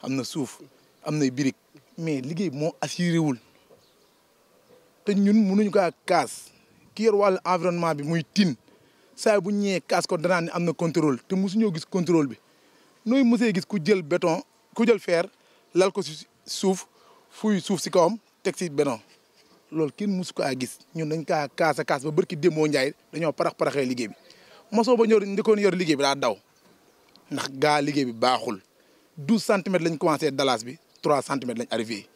am na suuf am na brique mais liggéey bi moo assuré wul te ñun mënuñu kaa kaas ki yor wàllu environnement bi muy tin saa bu ñëwee kaas ko danaan am na contrôle te ñoo gis contrôle bi nooy mosee gis ku jël béton ku jël fer lal ko si suuf fuy suuf si kawam teg si béton loolu kenn musu ko a gis ñun dañ kaa kaas a kaas ba barki démboo Ndiaye dañoo parax paraxee liggéey bi mosoo ba ñor ndikoon yor liggéey bi daa daw ndax gaa liggéey bi baaxul douze centimètres lañ commencé dalas bi trois centimètres lañ arrivé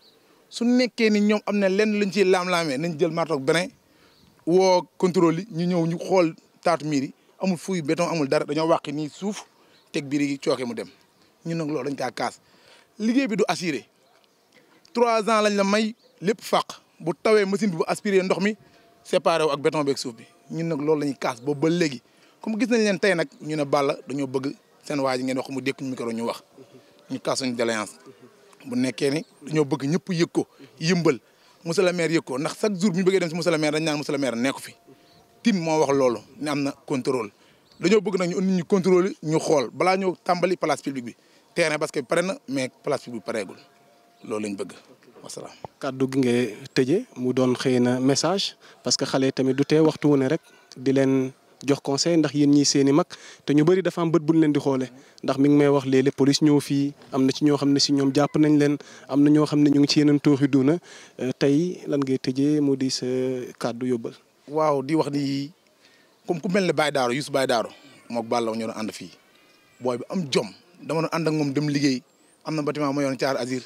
su nekkee ni ñoom am na lenn lañ ci laam-laamee nañ jël martoog beneen woo contrôle yi ñu ñëw ñu xool taatu miir yi amul fuuy béton amul dara dañoo wàq nii suuf teg biir yi cooke mu dem ñun nag loolu dañ kaa kaas liggéey bi du assuré trois ans lañ la may lépp fàq bu tawee machine bi bu aspiré ndox mi séparé wu ak béton beeg suuf bi ñun nag loolu la ñuy kaas boobu ba léegi comme gis nañ leen tey nag ñu ne Balla dañoo bëgg seen waa ji ngeen wax mu dékk ñu wax ñu kaas suñu déléance bu nekkee ni dañoo bëgg ñëpp yëg ko yëmbal monsieur le yëg ko ndax chaque jour bu ñu bëggee dem si monsieur dañ naan monsieur nekku fi tim moo wax loolu ne am na contrôle dañoo bëgg nag ñu indi ñu ñu xool balaa ñu tàmbali place publique bi terrain basket bi pare na mais place publique bi pareegul loolu lañ bëgg wasalaam. kàddu gi nga tëjee mu doon xëy na message parce que xale tamit du te waxtu wu ne rek di leen jox conseil ndax yéen ñii seen i mag te ñu bëri dafa am bët buñ leen di xoolee ndax mi ngi may wax léeg-léeg police ñëw fii am na ci ñoo xam ne si ñoom jàpp nañ leen am na ñoo xam ne ñu ngi ci yeneen tooxi duuna tey lan ngay tëjee mu di sa kàddu yóbbal. waaw di wax ni comme ku mel ne Baye Daaro Youssou Baye Daaro moog Balla ñoo doon ànd fii booy bi am jom dama doon ànd ak moom dem liggéey am na batiment ma yoon caar azir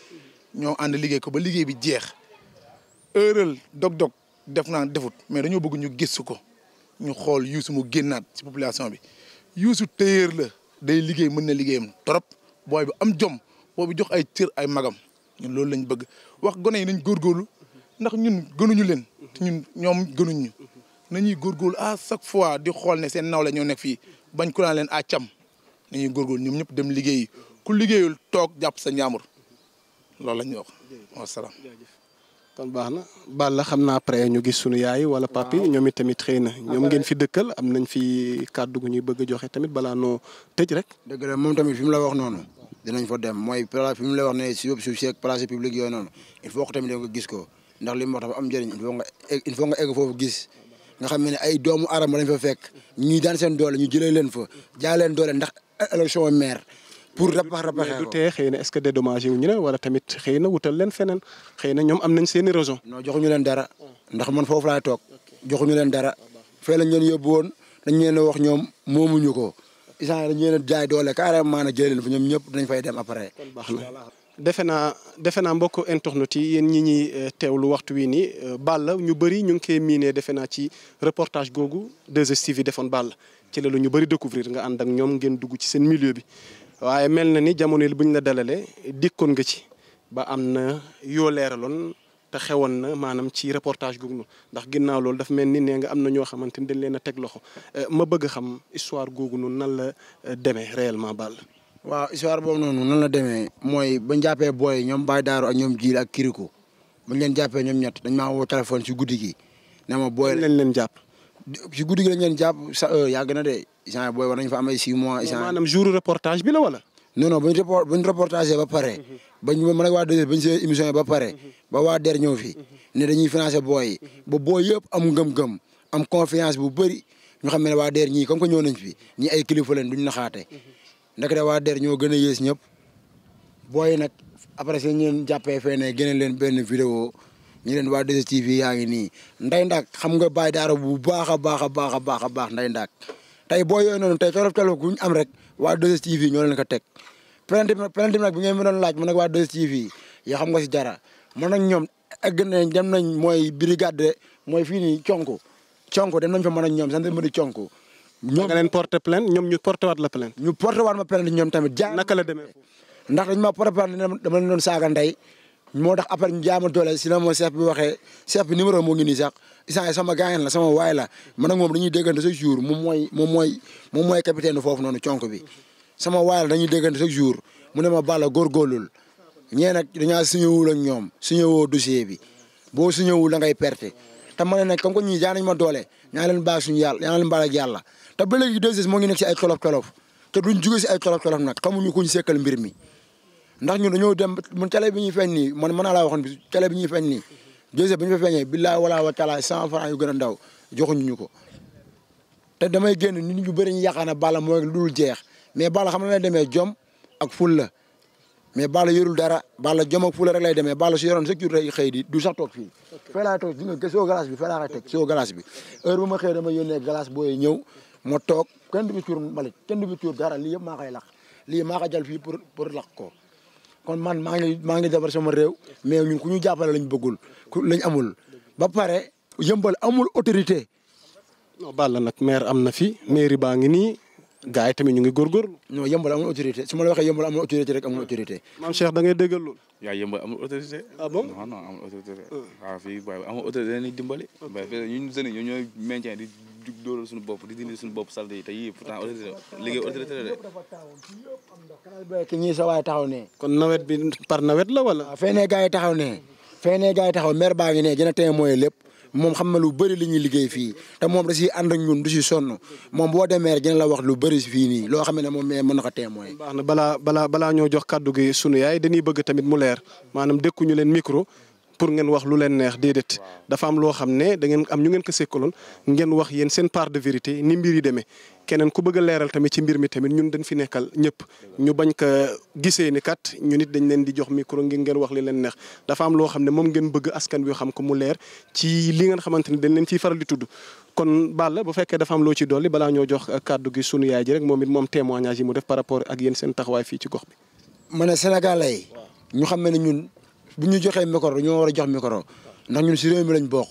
ñoo ànd liggéey ko ba liggéey bi jeex dog-dog def naa defut mais dañoo bëgg ñu gëstu ko ñu xool Youssou mu génnaat ci population bi Youssou téyeer la day liggéey mën na liggéeyam trop booy bi am jom booy bi jox ay cër ay magam ñu loolu lañ bëgg wax gone yi nañ góorgóorlu ndax ñun gënuñu leen te ñun ñoom gënuñ ñu góor góorgóorlu a chaque fois di xool ne seen nawle ñoo nekk fii bañ ku naan leen à cam nañuy góorgóorlu ñoom ñëpp dem liggéey ku liggéeyul toog jàpp sa ñaamur loolu la ñuy wax wa salaam. kon baax na bal la xam naa après ñu gis sunu yaay wala papi ñoom it tamit xëy na ñoom ngeen fi dëkkal am nañ fi kàddu gu ñuy bëgg a joxe tamit balaa noo tëj rek. dëgg la moom tamit fi mu la wax noonu dinañ fa dem mooy fi mu la wax ne si suuf si ak place publique yooyu noonu il gis ko. ndax li mu wax am njëriñ il faut nga il faut egg foofu gis nga xam ne ay doomu aadama lañ fa fekk ñuy daan seen doole ñu jëlee leen fa jaay leen doole ndax élection maire pour rapax rapaxee ko du tee xëy na est-ce que dédommagé wu ñu ne wala tamit xëy na wutal leen feneen xëy na ñoom am nañ seen i raison. non joxuñu leen dara ndax man foofu laay toog joxuñu leen dara fee lañ leen yóbbu woon dañ leen a wax ñoom moomuñu ko isaan dañ leen a jaay doole carrément na jëlee leen fa ñoom ñëpp dañ fay dem après. baax na defe naa defe naa mbokk internet yi yéen ñi ñuy eh, teewlu waxtu wi nii eh, la ñu bëri ñu ngi koy miinee defe naa ci reportage googu 2STV yi defoon Balla ci la lu ñu bëri découvrir nga ànd ak ñoom ngeen dugg ci seen milieu bi waaye mel na ni bu ñu la dalalee dikkoon nga ci ba am na yoo leeraloon te xewoon na maanaam ci reportage googu noonu ndax ginnaaw loolu dafa mel ni nee nga am na ñoo xamante ni dañ leen a teg loxo eh, ma bëgg xam histoire googu noonu nan la demee réellement Balla waaw histoire boobu noonu nan la demee mooy bañ jàppee booy ñoom baay Daaru ak ñoom Jiil ak Kirikou bañ leen jàppee ñoom ñett dañ maa woo téléphone si guddi gi ne ma booy lañ leen jàpp si guddi gi lañ leen jàpp sa yàgg na de genre booy war nañ fa am ay six mois. genre maanaam jour reportage bi la wala. non non bañ report ba pare. bañ man ak waa DG bañ see émission ba pare. ba waa DER ñëw fi. ne dañuy financer booy yi. ba booy yëpp am ngëm gëm am confiance bu bëri ñu xam ne waa DER ñii comme que ñëw nañ fi ñi ay kilifa leen duñ naxaate ndekete waa DER ñoo gën a yées ñëpp booy nag après seen ñeen jàppee fee ne génne leen benn vidéo ñi leen waa 2STV yaa ngi nii nday ndaak xam nga bàyyi daara bu baax a baax a baax a baax a baax nday ndaak tey boo yooyu noonu tey colof colof am rek waa 2STV ñoo leen ko teg plainte plainte bi nag bi ngeen mi doon laaj man nag waa 2STV yoo xam nga si dara man nag ñoom egg nañ dem nañ mooy brigade mooy fii nii conk conk dem nañ fa mën ak ñoom gendarmerie conk ñoom nga leen porté plainte ñoom ñu porté waat la plainte. ñu porté waat ma plainte ñoom tamit. jaa naka la demee ndax dañ ma porté plainte dama leen doon saaga ndey moo tax après ñu jaama doole sinon mooy chef bi waxee chef bi numéro moo ngi nii isaan sama gaañan la sama waay la man ak moom dañuy déggante chaque jour moom mooy moo mooy moom mooy capitaine foofu noonu conk bi. sama waay la dañuy déggante chaque jour mu ne ma Balla góorgóorlul ñee nag dañaa suñëwul ak ñoom suñëwoo dossier bi boo suñëwul da ngay perte te ma ne nag comme que ñii jaa nañ ma doole ñaa leen baal yàlla ñaa yàlla te ba léegi 2S moo ngi nekk si ay tolof tolof te duñ jugee si ay tolof tolof nag xamuñu kuñ sekkal mbir mi ndax ñun dañoo dem mun cale bi ñuy feeñ ni man mën naa laa waxoon bi cale bi ñuy feeñ nii 2S bi ñu fa feeñee billaa wala wa taala cent franc yu gën a ndaw joxuñu ñu ko te damay génn nit ñu bëri ñu yaakaar na bala mooy lu dul jeex mais bala xam na lay demee jom ak ful la mais Balla yorul dara Balla jom ak fula rek lay demee Balla su yoroon sa jur xëy di du sax toog fii. ok fee laay toog bi fee laa koy teg bi heure bu ma xëy dama yónnee glace booy ñëw. moo toog kenn du fi cuur mbalit kenn du dara lii yëpp maa koy lakk lii maa jal jël fii pour pour lakk ko kon man maa ngi maa ngi defar sama réew mais ñun ku ñu jàppale lañ bëggul ku lañ amul ba pare yëmbal amul autorité. non Balla nag maire am na fi mairie baa ngi nii gars yi tamit ñu ngi góorgóorlu. non yëmbal amul autorité su ma la waxee yëmbal amul autorité rek amul autorité. maam Cheikh da ngay déggal ah fii waaw amul autorité dañuy dimbali. ok waaye fii ñun ñoo maintien jug dóoral suñu bopp di dindi suñu bopp salte yi te yii pourtant autorité liggéey autorité la ki ñii taxaw ne. kon nawet bi par nawet la wala. waaw gaa gars yi taxaw ne. feneen gars yi taxaw maire baa ngi ne dina tey mooy lépp moom xam na lu bari li ñuy liggéey fii te moom da si ànd ak ñun du si sonn moom boo demee dina la wax lu bëri fii nii loo xam ne moom mën na ko témoin. baax na balaa balaa balaa ñoo jox kàddu gi sunu yaay dañuy bëgg tamit mu leer maanaam dékkuñu leen micro. pour ngeen wax lu leen neex déedéet dafa am loo xam ne da ngeen am ñu ngeen ko sékkaloon ngeen wax yéen seen part de vérité ni mbir yi keneen ku bëgg leeral tamit ci mbir mi tamit ñu bañ leen di jox micro ngir ngeen wax li leen neex dafa am loo xam ne moom ngeen bëgg askan wi xam ko mu leer ci li ngeen xamante ni dañ leen ciy faral di tudd kon Balla bu fekkee dafa am loo ci dolli balaa ñoo jox kàddu gi sunu yaay ji rek moom it moom témoignage yi mu def par rapport ak yéen seen taxawaay fii ci bu ñu joxee micro dañoo war a jox mikoro ndax ñun si réew mi lañ bokk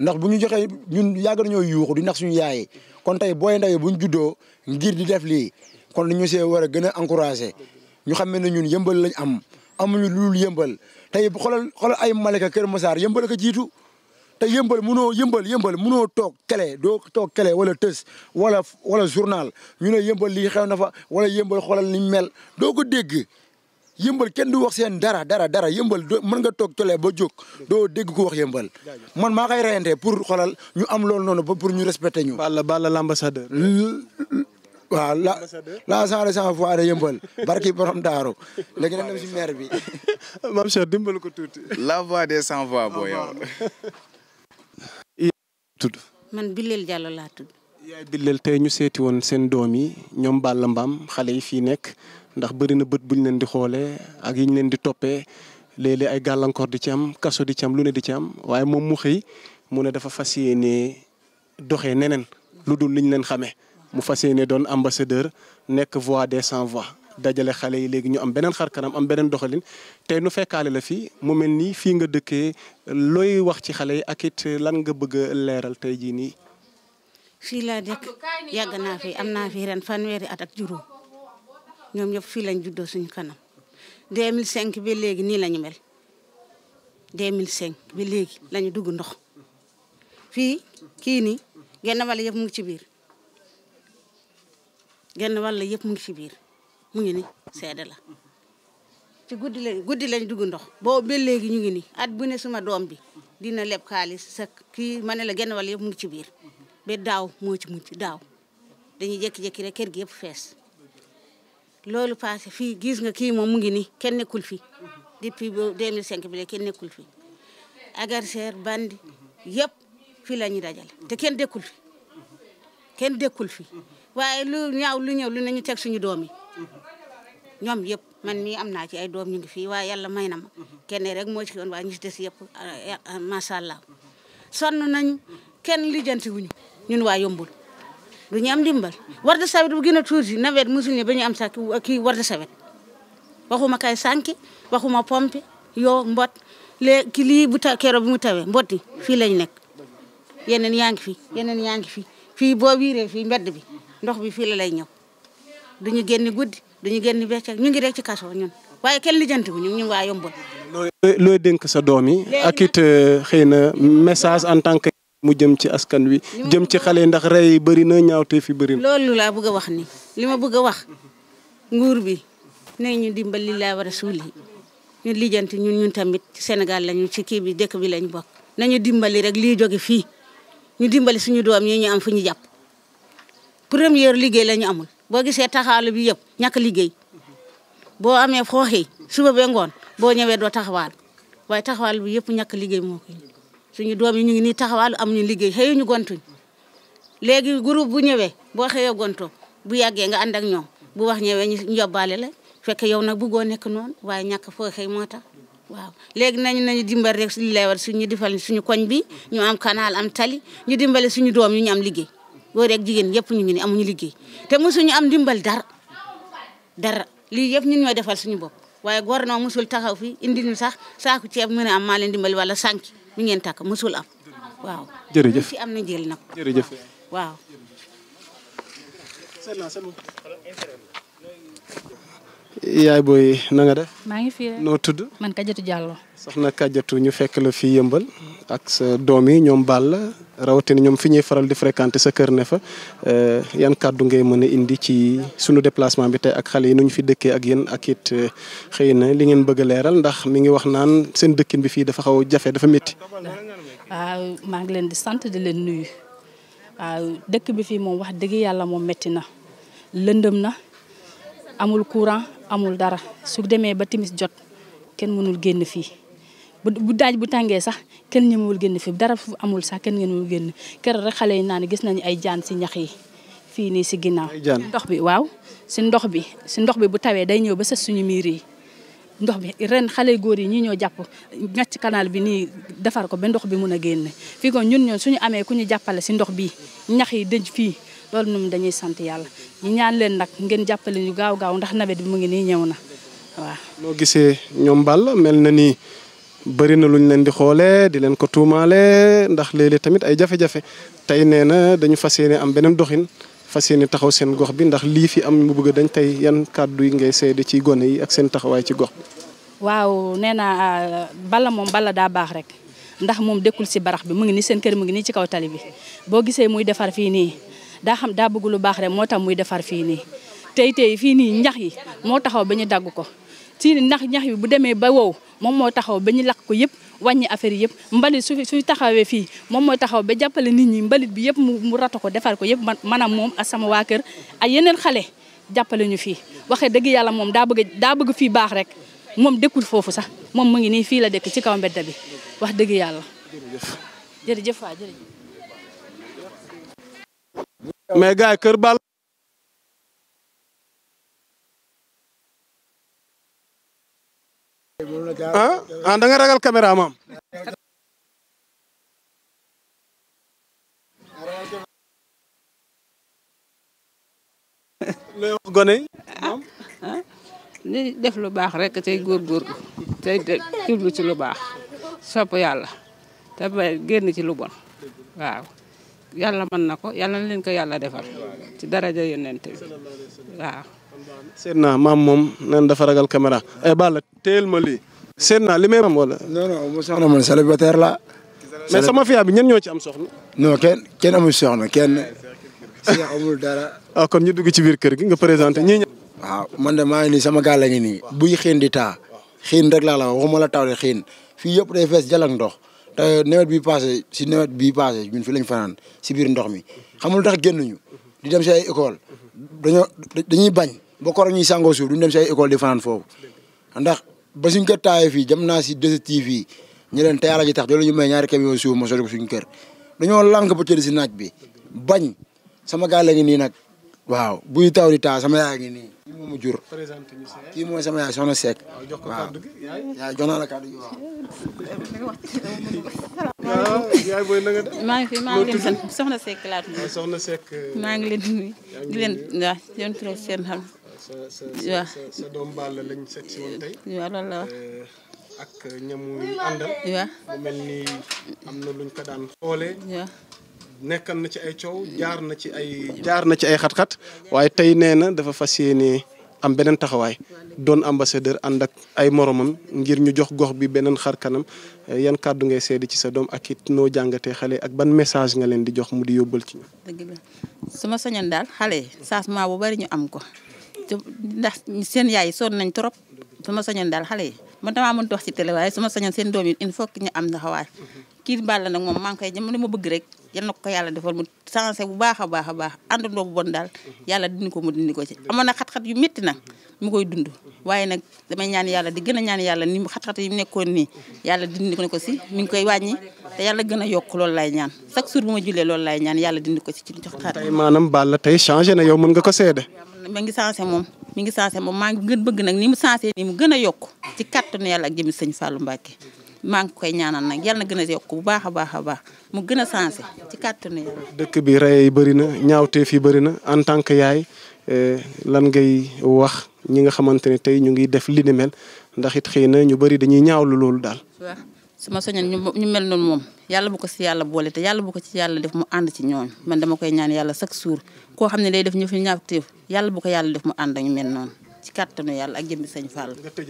ndax bu ñu joxee ñun yàgg nañoo yuuxu di nax suñu yaay kon tey booy ndaw bu ñu juddoo ngir di def lii kon ñu see war a gën a encouragé ñu xam ne ñun yëmbal lañ am amuñu lu dul yëmbal tey xoolal xoolal ay Malika Kër Massar yëmbal ko jiitu te yëmbal munoo yëmbal yëmbal munoo toog kele doog toog kele wala tës wala wala journal ñu ne yëmbal lii xew na fa wala yëmbal xoolal ni mel doo ko dégg. yëmbal kenn du wax seen dara dara dara yëmbal mën nga toog colee ba jóg doo dégg ko wax yëmbal man maa koy reyantee pour xoolal ñu am loolu noonu ba pour ñu respecter ñu. Balla Balla l'ambassadeur. waaw la la cent de cent fois de yëmbal barki borom daaru léegi nañ dem si maire bi. maam Cheikh dimbali ko tuuti. la voix des sans voix boo yow. Ah, tudd. yaay Billel tey ñu seeti woon seen doom yi ñoom Balla Mbaam xale yi fii nekk ndax bëri na bët bu ñu leen di xoolee ak yi ñu leen di toppee léeg ay gàllankoor di ci am kaso di ci lu ne di ci am waaye moom mu xëy mu ne dafa fas yéenee doxee neneen lu dul liñ leen xamee mu fas yéenee doon ambassadeur nekk voix des sans voix dajale xale yi léegi ñu am beneen xar kanam am beneen doxalin tey nu fekkaale la fi mu mel nii fii nga dëkkee looy wax ci xale yi akit lan nga bëgg a leeral tey jii nii. fii laa dëkk yàgg naa fi am naa fi ren fanweeri at ak juróom ñoom ñëpp fii lañ juddoo suñu kanam 2005 ba léegi nii lañu mel 2005 ba léegi lañu dugg ndox fii kii nii genn wàll yëpp mu ngi ci biir genn wàll yëpp mu ngi ci biir mu ngi ni sede la ci guddi lañ guddi lañ dugg ndox boo ba léegi ñu ngi ni at bu ne suma doom bi dina leb xaalis sa kii ma ne la genn wàll yëpp mu ngi ci biir ba daaw moo ci mujj daaw dañuy jékki-jékki rek kër gi yëpp fees loolu passé fii gis nga kii moom mu ngi nii kenn nekkul fi depuis ba 2005 bi la kenn nekkul fi agresseur bandi yëpp fii la ñuy dajale te kenn dekkul fi kenn dekkul fi waaye lu ñaaw lu ñëw lu ne ñu teg suñu doom yi ñoom yëpp man mii am naa ci ay doom ñu ngi fi waaye yàlla may na ma kenn rek moo ci yoon waaye ñu si des yëpp ah, ah, macha allah sonn nañu kenn lijjanti wuñu ñun waa yombul du ñu am dimbal war de sawet bu gën a tuuti nawet mosul ne ba ñu am sa kii war de sawet waxuma kay sànki waxuma pompe yoo mbot léegi ki lii bu ta keroog bu mu tawee mbotti fii lay nekk yeneen yaa ngi fi yeneen yaa ngi fi fii boo wiiree fii mbedd bi ndox bi fii la lay ñëw duñu génn guddi duñu génn bëccëg ñu ngi rek ci kaso ñun waaye kenn lijjanti wu ñu ñu waa yombal looy dénk sa doom yi ak eh, xëy na message en tant mu jëm ci askan wi. jëm ci xale ndax rey yi bëri na ñaawtee fi bëri na. loolu laa bëgg a wax ni li ma bëgg a wax nguur bi nee ñu dimbali laa war a suul yi ñun lijjanti ñun tamit senegal lañu ci kii bi dëkk bi lañ bokk. nañu dimbali rek lii jóge fii ñu dimbali suñu doom yi ñu am fu ñu jàpp première liggéey la amul boo gisee taxawal bi yëpp ñàkk liggéey boo amee fooxi suba be ngoon boo ñëwee doo taxawaal waaye taxawaal bi yëpp ñàkk liggéey moo ko suñu doom yi ñu ngi nii am ñu liggéey ñu gontuñ léegi groupe bu ñëwee boo xëyoo gonto bu yàggee nga ànd ak ñoom bu wax ñëwee ñu njobbaale la fekk yow nag bu bëggoo nekk noon waaye ñàkk foo xëy moo tax waaw léegi nañu nañu dimbali rek li lay war suñu defal suñu koñ bi ñu am canal am tali ñu dimbale suñu doom yi ñu am liggéey góor jigéen yëpp ñu ngi ni amuñu liggéey te mosuñu am dimbal dara dara lii ñun ñooy defal suñu bopp waaye góor noo mosul taxaw fi indi ñu sax saaku ceeb mën a am maa leen dimbali wala sànki bu ngeen takk musul am waaw. jërëjëf fi am na jël nag. jërëjëf waaw. yaay booy na nga def. maa ngi fi noo tudd. man Kajatu Diallo. na Kajatu ñu fekk la fi yëmbal ak sa doom yi ñoom la rawatina ñoom fi ñuy faral di fréquenter sa kër ne fa eh, yan kàddu ngay mën a indi ci sunu déplacement bi tey ak xale yi nu ñu fi dëkkee ak yéen ak it eh, xëy na li ngeen bëgg leeral ndax mi ngi wax naan seen dëkkin bi fii dafa xaw a jafe dafa métti. waaw maa ngi leen di sant di leen nuyu waaw dëkk bi fii moom wax dëgg yàlla moom métti na lëndam na. amul courant amul dara su demee ba timis jot kenn mënul génn fii bu bu daaj bu tàngee sax kenn ñemewul génn fii dara fu amul sax kenn ñemewul génn keroog rek xale yi naa ne gis nañ ay jaan si ñax yi fii nii si ginnaaw. ndox bi waaw si ndox bi si ndox bi bu tawee day ñëw ba sa suñu miir yi. ndox bi ren xale góor yi ñi ñoo jàpp ñàcc canal bi nii defar ko be ndox bi mun a génn fii ko ñun ñoon suñu amee ku ñu jàppale si ndox bi ñax dëj fii. loolu moom dañuy sant yàlla ñu ñaan leen nag ngeen jàppale ñu gaaw gaaw ndax nawet bi mu ngi nii ñëw na waaw. noo gisee ñoom Balla mel na ni bëri na lu ñu leen di xoolee di leen ko tuumaale ndax léeg-léeg tamit ay jafe-jafe tey nee na dañu fas yéene am beneen doxin fas yéene taxaw seen gox bi ndax lii fi am mu bëgg dañ tey yan kàddu yi ngay seede ci gone yi ak seen taxawaay ci gox bi. waaw nee naa ah, Balla moom bala daa baax rek. ndax moom dëkkul si barax bi mu ngi ni seen ngi nii ci kaw tali nii daa xam daa bëgg lu baax rek moo tax muy defar fii nii tey tey fii nii ñax yi moo taxaw ba ñu dagg ko si ndax ñax yi bu demee ba wow moom moo taxaw ba ñu lakk ko yëpp wàññi affaire yëpp mbalit su suy taxawee fii moom mooy taxaw ba jàppale nit ñi mbalit bi yëpp mu mu ko defar ko yëpp maanaam moom a sama waa kër ak yeneen xale jàppale ñu fii wax dëgg yàlla moom daa bëgg daa bëgg fii baax rek moom dëkkul foofu sax moom mu ngi nii fii la dëkk ci kaw mbedd bi wax dëgg yàlla mais gars yi kër Balla ah ah da ragal caméra maam. looy gone yi def lu baax rek tey góorgóorlu tey jublu ci lu baax sopp yàlla te génn ci lu bon waaw. yàlla mën na ko yàlla na leen ko yàlla defal ci daraja yonent bi waaw. seet naa maam moom nan dafa ragal caméra ay eh, Balla teel ma lii seet naa li may maam wala. non non mu soxna man célibataire la mais sama fiyaa bi ñen ñoo ci am soxna. non kenn kenn amul soxna kenn. seex amul dara. ah kon ñu dugg ci biir kër gi nga présenté ñii ñëw. waaw man de maa ngi sama gaal la ngi nii. buy xiin di taa. xiin rek laa la waxuma la taw de xiin fii yëpp day fees jël ak ndox. te nawet bi passé si nawet bi passé ñun fi lañ fanaan si biir ndox mi xamul ndax tax ñu di dem si ay école dañoo dañuy bañ ba koro ñuy sàngoo suuf duñ dem si ay école di fanaan foofu ndax ba suñ kër taayee fii jam naa si dégestive yi ñu leen te yàlla ji tax doolu ñu may ñaari camion suuf ma sori ko suñ kër dañoo lànk ba tëdd si naaj bi bañ sama gaa la nii nag waaw buy taw di taa sama yaay ngi nii. kii moomu kii mooy sama yaay soxna Seck. waaw jox ko kàddu gi yaay yaay jox naa waaw. yaay booy na ngi fi maa ngi leen sant soxna Seck laa euh, maa ngi leen di leen waaw di leen seen xam. sa doom Balla lañ seet si woon la wax. Euh, ak ñamu àndal. waaw ni am na luñ nekkan na ci ay coow jaar na ci ay jaar na ci ay xat-xat waaye tey nee na dafa fas yéene am beneen taxawaay doon ambassadeur ànd ak ay moromam ngir ñu jox gox bi beneen xar kanam yan kàddu ngay seedi ci sa doom ak it noo jàngatee xale ak ban message nga leen di jox mu di yóbbal ci ñu dëgg la su ma sañoon daal xale yi changement bu bari ñu am ko ndax seen yaay sonn nañ trop su ma sañoon daal xale yi man damaa mënut wax ci télé waaye su ma sañoon seen doom yi il faut que ñu am taxawaay kii Mballa nag moom maa ngi koy jëm li ma bëgg rek yal ko ko yàlla defal mu a baax a baax àndandoo bu bon daal mhm. yàlla dindi ko mu dindi ko ci amoon na yu métti nag mhm. mu koy dund mhm. waaye nag damay ñaan yàlla di gën a ñaan yàlla ni xat-xat yi mu nekkoon nii yàlla dindi ko si mi ngi koy wàññi te yàlla gën a yokk loolu lay ñaan chaque jour bu ma jullee loolu lay ñaan yàlla dindi ko si ci maanaam Balla tey changé na yow mën nga ngi sensé moom bëgg nag ni mu sensé ni mu gën a yokk ci kàttanu yàlla ak jëmi sëñ Fallou Mbacké maa ngi koy ñaanal nag yàlla na gën a yokk bu baax a baax a baax mu gën a sensé ci kàttanu yàlla. dëkk bi rey yi bëri na ñaawteef yi bëri na en tant que yaay eh, lan ngay wax ñi nga xamante ne tey ñu ngi def li ni it xëy na ñu bëri dañuy ñaawlu loolu daal. waaw su ma ñu mel noonu moom yàlla bu ko si yàlla boole te yàlla bu ko ci yàlla def mu ànd ci ñooñu man dama koy ñaan yàlla chaque jour koo xam ne day def ñu fi ñaawteef yàlla bu ko yàlla def mu ànd ak ñu mel ci kàttanu yàlla ak sëñ Fall. nga tëj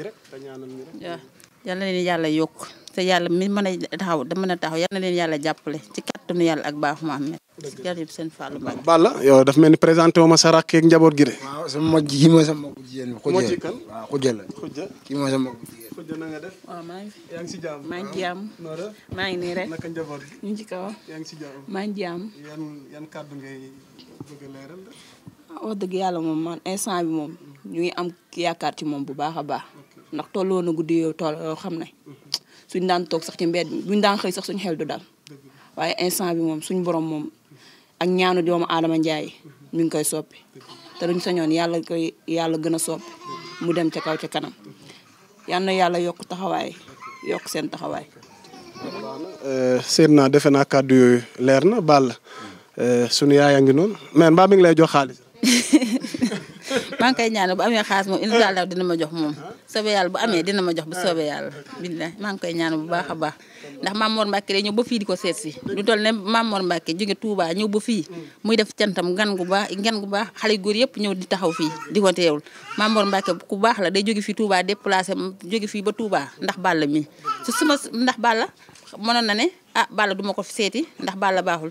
leen yàlla yokk te yàlla ma mën a taxaw da mën a taxaw yal na leen yàlla jàppale ci kàttanu yàlla ak baaxu Muhammad ci jërëjëf ma sa rakk ak njaboot gi de waaw sama moj kii mooy sama mbokku jigéen bi xujja kan waaw xujja la gi ñu ngi ci kaw yaa ngi si jàmm maa ngi jàmm yan a leeral ah, yàlla moom man instant bi moom ñu ngi am yaakaar ci moom bu baax a baax ndax tolloo na guddi yow tool xam ne mm-hmm. suñ daan toog sax ci mbedd mi ñu daan xëy sax suñ xel du dal waaye instant bi moom suñ borom moom ak ñaanu doomu aadama njaay mi ngi koy soppi te duñ ñoon yàlla koy yàlla gën a soppi mu dem ca kaw ca kanam yal na yàlla yokk taxawaay yokk seen taxawaay. seet naa defe naa kàddu yooyu leer na baal eh, sunu yaay a ngi noonu mais mbaa mi lay jox xaalis. maa ngi koy ñaanal bu amee xaas moom incha allah dina ma jox moom ah. soobee yàlla bu amee ah. dina ma jox bu ah. soobee yàlla billahi maa ngi koy ñaanal bu baax a baax ndax Mamor Mbacke day ñëw ba fii di ko seet si du toll ne Mamor Mbacke jóge Touba ñëw ba fii hmm. muy def cantam gan gu baax gan gu baax xale góor yëpp ñëw di taxaw fii di ko teewul Mamor Mbacke ku baax la day jóge fii tuubaa Touba déplacé jóge fii ba tuubaa ndax Balla mi su suma ndax Balla mënoon na ne ah Balla du ma ko seeti ndax Balla baaxul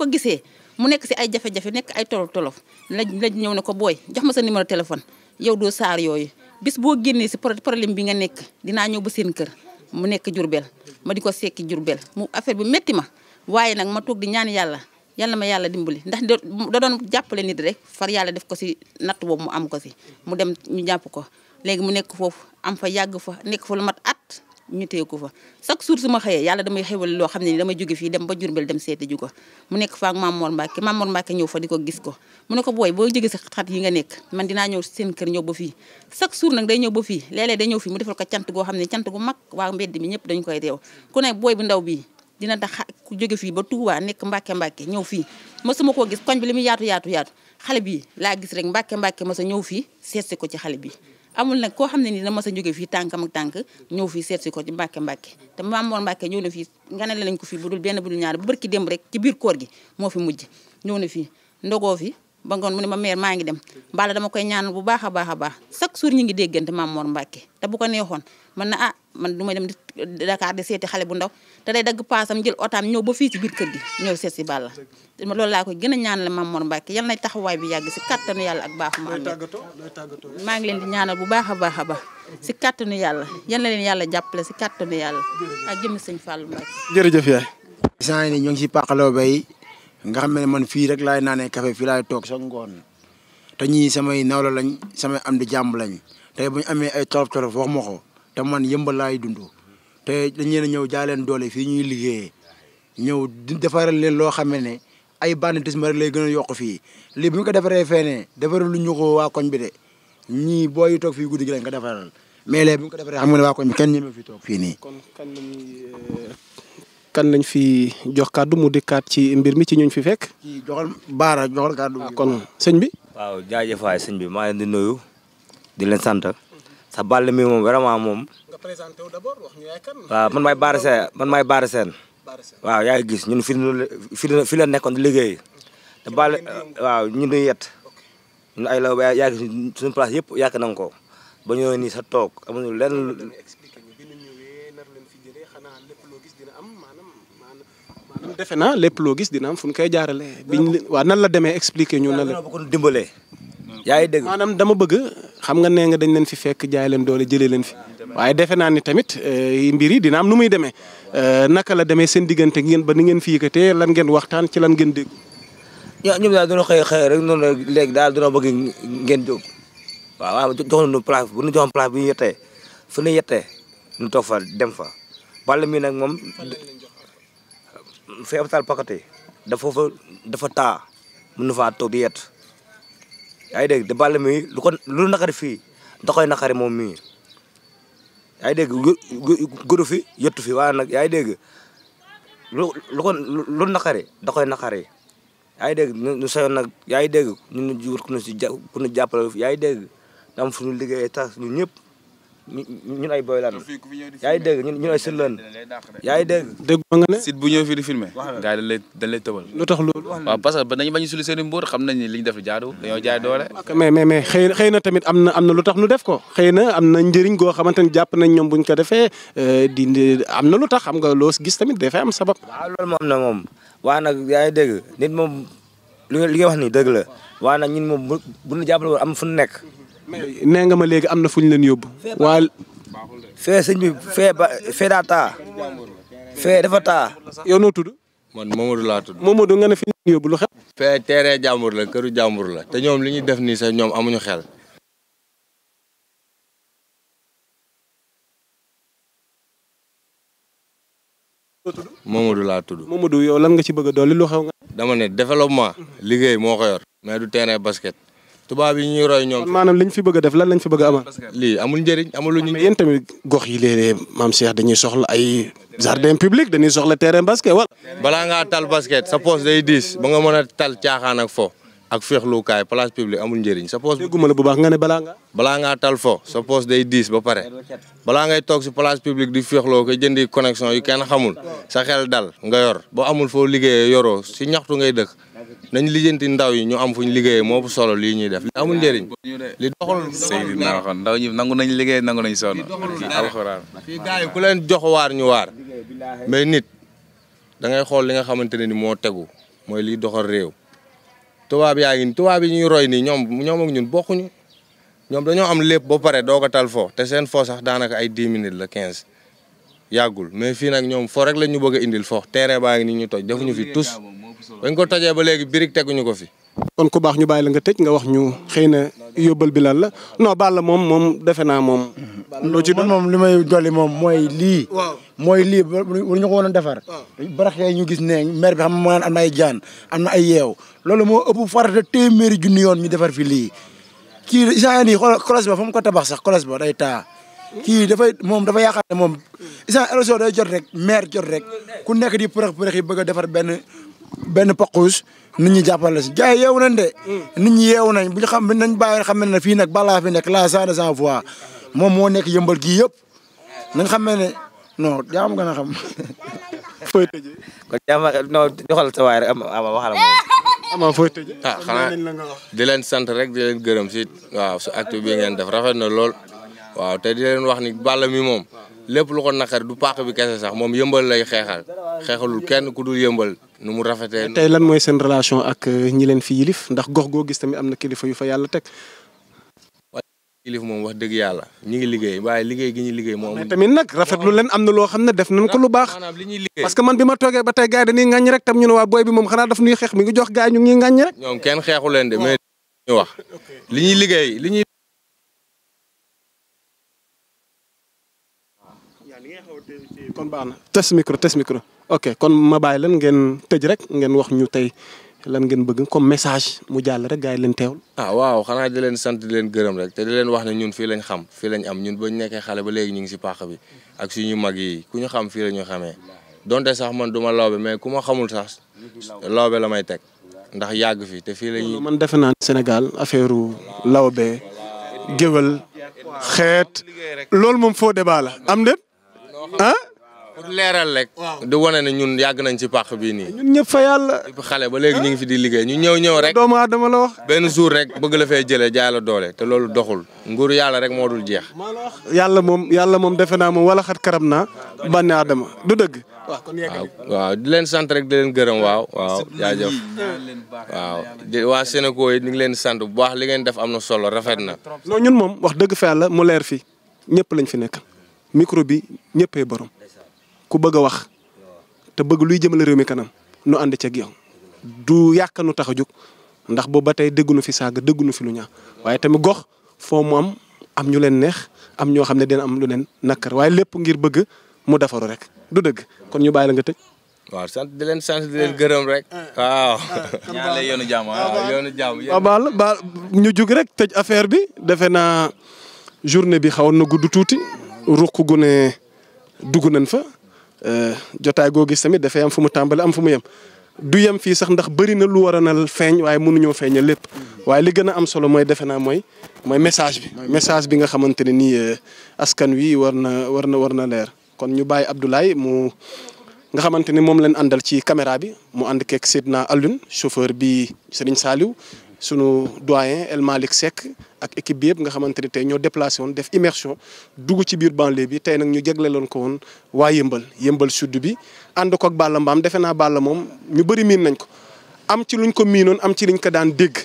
ko gisee mu nekk si ay jafe-jafe nekk ay tolof tolof la la ñëw ne ko booy jox ma sa numéro téléphone yow doo saar yooyu bis boo génnee si problème bi nga nekk dinaa ñëw ba séen kër mu nekk jurbel ma di ko sekki jurbel mu affaire bi métti ma waaye nag ma toog di ñaan yàlla yàlla ma yàlla dimbali ndax da doon jàppale nit rek far yàlla def ko si natt boobu mu am ko si mu dem ñu jàpp ko léegi mu nekk foofu am fa yàgg fa nekk fa lu mat at ñu téye ko fa chaque jour su ma xëyee yàlla damay xewal loo xam ne ni damay jóge fii dem ba Jurbel dem seeti ji ko mu nekk fa ak Mamor Mbacke Mamor Mbacke ñëw fa di ko ko mu ko booy boo jóge si xat nga nekk man dinaa ñëw seen kër ñëw ba fii chaque jour nag day ñëw ba fii léeg-léeg ñëw fii mu defal ko cant goo xam ne cant gu mag waa mbedd mi ñëpp dañ koy teew booy bu ndaw bii dina tax ku jóge fii ba Touba nekk Mbacke Mbacke ñëw fii mosuma koo gis koñ bi li muy yaatu yaatu yaatu xale bi laa gis rek Mbacke Mbacke sa ñëw fii seetsi ko ci xale bi amul nag koo xam ne nii na sa jóge fii tànkam ak tànk ñëw fii seet si ko ci mbàkke mbàkke te maam moor mbàkke ñëw na fii nga ne lañ ko fii bu dul benn bu dul ñaar bu barki dem rek ci biir koor gi moo fi mujj ñëw na fii ndogoo fi ba ngoon mu ne ma meer maa ngi dem mbala dama koy ñaanal bu baax a baax a baax chaque jour ñu ngi déggante maam moor mbàkke te bu ko neexoon man na ah man du may dem Dakar di seeti xale bu ndaw te day dagg paasam jël otaan ñëw ba fii ci biir kër gi ñëw seet si Balla loolu laa koy gën a ñaanal Mame Mor Mbacke yal na taxawaay bi yàgg si kattanu yàlla ak baaxu ma maa ngi leen di ñaanal bu baax a baax a baax si kattanu yàlla yal na leen yàlla jàppale si kattanu yàlla ak jëmmi sëñ Fallou jërëjëf yaay sant ni ñoo ngi si pàqaloo bay nga xam ne man fii rek laay naanee café fii laay toog soo ngoon te ñii samay nawla lañ samay am di jàmb lañ tey bu ñu amee ay tolof tolof wax ma te man yëmbal laay dund te dañ leen ñëw jaay leen doole fii ñuy liggéeye ñëw di defaral leen loo xam ne ay banditisme rek lay gën a yokk fii li bu ñu ko defaree feene defaral lu ñu ko waa koñ bi de ñii booy toog fii guddi gi lañ ko defaral mais léegi bu ñu ko defaree xam nga ne waa koñ bi kenn ñeme fi toog fii nii. kon kan lañuy eh, kan lañ fi jox kàddu mu dikkaat ci mbir mi ci ñuñ fi fekk. ci joxal baara joxal kàddu. Ah, kon sëñ bi. waaw jaajëf waay sëñ bi maa di nuyu di leen sant. sa bal mi moom vraiment moom. nga présenté wu d'abord wax waaw man maay Bara Sène man maay Bara Sène. waaw yaa gis ñun fi la fi la nekkoon di liggéey te Balla waaw ñu duñu yet ñun ay law ba yaa gis suñu place yëpp yàq nañ ko ba ñëwee nii sa toog amuñu lenn. maanaam defe naa lépp loo gis dina am fu ñu koy jaarale biñ waa nan la demee expliqué ñu nan la. waaw yaa ngi dégg maanaam dama bëgg xam nga nee nga dañ leen fi fekk jaay leen doole jëlee leen fi waaye defe naa ni tamit eh, mbir yi dina am nu muy demee eh, naka la demee seen diggante ngeen ba ni ngeen fii fi yëkkatee lan ngeen waxtaan ci lan ngeen dégg. ñoo ñoom daal dañoo xëy xëy rek noonu léegi daal dañoo bëgg ngeen jóg waaw waaw jox nañu place bu ñu joxoon place bu ñu yettee fu ñu yettee ñu toog fa dem fa bàll mi nag moom fi hôpital Pakate dafa fa dafa taa mën na faa toog di yett yaa ngi dégg de Balla mii lu ko lu naqari fii da koy naqari moom mii yaa ngi dégg gëru fi yëttu fi waaye nag yaa ngi dégg lu lu ko lu naqari da koy naqari yaa ngi dégg ñu sayoon nag yaa ngi dégg ñun ñu wut ku ñu si ja ku ñu jàppale yaa ngi dégg am fu ñu liggéeyee tax ñun ñëpp ñun ay boy lan yaa ngi dégg ñun ay sëlën yaa ngi dégg dégg ma nga ne site bu ñëw fii di filmé gars yi dañ lay dañ lay tëbal lu tax loolu waaw parce que dañu bañu suli seen i mbóor xam nañ ni def na tamit am na am na lu tax nu def ko na am na njëriñ goo xamante ni jàpp nañ ñoom buñ ko defee euh, di am na lu tax xam nga loo gis tamit dafay am sabab waaw loolu moom na moom waa nag yaa ngi dégg nit moom li nga wax ni dëgg la waa nag ñun moom bu ñu jàppale woon am fu nekk mais nee nga ma léegi am na fu ñu leen yóbbu. waa fee sëñ bi fee ba fee daa taa. fee tudd. man Momadou laa tudd. Momadou nga ne fi ñu yóbbu lu xel. fee teeree jàmbur la këru jàmbur la te ñoom li ñu def nii sax ñoom amuñu xel. Momadou laa tudd. Momadou yow lan nga ci bëgg a dolli lu xew nga. dama ne développement. Mm-hmm. liggéey moo ko yor. mais du terrain basket. tubaab yi ñuy roy ñoom. kon maanaam fi bëgg a def lan lañ fi bëgg a amaat. lii amul njëriñ amul lu ñu. mais yéen tamit gox yi léeg-léeg maam Cheikh dañuy soxla ay. jardin public dañuy soxla terrain basket wala. balaa ngaa tal basket sa poche day diis ba nga mën a tal caaxaan ak fo ak féexlukaay place publique amul njëriñ sa poche. dégguma la bu baax nga ne balaa nga. ngaa tal fo sa poche day diis ba pare balaa ngay toog si place publique di féexloo ko jëndi connexion yu kenn xamul sa xel dal nga yor boo amul foo liggéeyee yoroo si ñaxtu ngay dëkk nañ lijjanti ndaw yi ñu am fuñ liggéey moo solo lii ñuy def li amul njëriñ li doxul Seydina ndaw ñi nangu nañ liggéey nangu nañ sonn alxuraan fii gars yi ku leen jox waar ñu waar mais nit da ngay xool li nga xamante ne ni moo tegu mooy liy doxal réew tubaab yaa ngi tubaab yi ñuy roy nii ñoom ñoom ñun ñun ñu ñoom dañoo am lépp ba pare doog a tal fo te seen fo sax daanaka ay 10 minutes la 15 yàggul mais fii nag ñoom fo rek la ñu bëgg a indil fo terrain baa ngi ni ñu toj defuñu fi tus bañ ko tojee ba léegi birig teguñu ko fi. kon ku baax ñu bàyyi la nga tëj nga wax ñu xëy na yóbbal bi lan la non la moom moom defe naa moom. loo ci moom li may dolli moom mooy lii. mooy lii bu ñu ko woon a defar. ñu gis ne maire bi xam nga ay jaan am na ay yeew loolu moo ëpp farata téeméeri junni yoon ñu defar fi lii. kii isaan yi xool kolos ba fa ko tabax sax kolos ba day taa. kii dafay moom dafa yaakaar ne moom. isaan érosion day jot rek maire jot rek ku nekk di përëx përëx yi bëgg a defar benn. benn paqus nit ñi jàppale si gars yi yeewu nañ de. Hmm. nit ñi yeewu nañ bu ñu xam nañ bàyyi xam ne fii nag balaa fi nekk la sans sans voix moom moo nekk yëmbal gii yëpp nañ xam ne non yaa ma gën a xam. fooy tëjee. kon yaa ma non joxal sa waay rek am ama waxal moom. Ah, di leen sant rek gërëm si waaw su ngeen def rafet na lool. waaw te di leen wax ni Balla mi moom lépp lu ko naqari du bi kese sax moom yëmbal lay xeexal xeexalul kenn ku dul yëmbal. nu mu rafetee. tey lan mooy seen relation ak euh, ñi leen fi yilif ndax gox goo gis tamit am na kilifa yu fa yàlla teg. yilif moom wax dëgg yàlla ñu ngi liggéey waaye liggéey gi ñu liggéey moom. tamit nag rafetlu leen am na loo xam ne def nañ ko lu baax. parce que man bi ma toogee ba tey gars yi dañuy ŋaññi rek tam ñu ne waa booy bi moom xanaa daf ñuy xeex mi ngi jox gars yi ñu ngi ŋaññi rek. leen de mais ñu li ñuy liggéey li ñuy. na tes micro tes micro. ok kon ma baay lan ngeen tëj rek ngeen wax ñu tey lan ngeen bëgg comme message mu jàll rek gaa yi leen teewul. ah waaw xanaa di leen sant di leen gërëm rek te di leen wax ne ñun fii lañ xam fii lañ am ñun bañ nekkee ba léegi ñu ngi si pàq bi ak suñu mag yi ku ñu xam fii la ñu xamee donte sax man du ma lawbe mais ku ma xamul sax lawbe la may teg ndax yàgg fi te fii la ñuy man defe naa Sénégal affaire lawbe géwël xeet loolu moom faux débat la am déet pour leeral rek. di wane na ñun yàgg nañ ci pàq bi nii. ñun ñëpp fa yàlla. xale ba léegi ñu ngi fi di liggéey ñu ñëw ñëw rek. doomu aadama la wax. benn jour rek bëgg la fee jëlee jaay la doole te loolu doxul nguur yàlla rek moo dul jeex. yàlla moom yàlla moom defe naa moom wala xat karam naa bànne aadama du dëgg. waaw kon waaw di leen sant rek di leen gërëm waaw. waaw jaajëf waaw waa Sénégal yi ñu ngi leen sant bu baax li ngeen def am na solo rafet na. non ñun moom wax dëgg fa yàlla mu leer fii ñëpp lañ fi nekk micro bi ñëppay ku bëgg a wax te bëgg luy jëmale réew mi kanam nu ànd ceeg yow du yàq nu tax a jóg ndax boobu ba tey nu fi saaga nu fi lu ñaaw waaye tamit gox foo mu am ñu leen neex am ñoo xam ne dina am lu leen nakkar waaye lépp ngir bëgg mu defaru rek du dëgg kon ñu bàyyi nga tëj. waaw sant di leen sant di leen rek. waaw. ñaan la yoonu jàmm waaw yoonu ñu jug rek tëj affaire bi defe naa journée bi xawoon na gudd tuuti ruq gu ne dugg nañ fa. Euh, jotaay goo gis tamit dafay am fu mu tàmbali am fu mu yem du yem fii sax ndax bëri na lu war a nal feeñ waaye mënuñoo feeñal lépp waaye li gën a am solo mooy defe naa mooy mooy message bi. mooy message bi nga xamante ne nii euh, askan wi war na war na war na leer kon ñu bàyyi Abdoulaye mu nga xamante ni moom leen àndal ci caméra bi mu ànd keeg naa Alioune chauffeur bi Serigne Saliou sunu doyen El Malick Seck ak équipe bi yëpp nga xamante ne tey ñoo déplacé woon def immersion dugg ci biir banlieue bi tey nag ñu jagleeloon ko woon waa yëmbal yëmbal sud bi ànd ko ak Balla Mbaam defe naa bala moom ñu bëri miin nañ ko am ci lu ñu ko miinoon am ci liñ ko daan dégg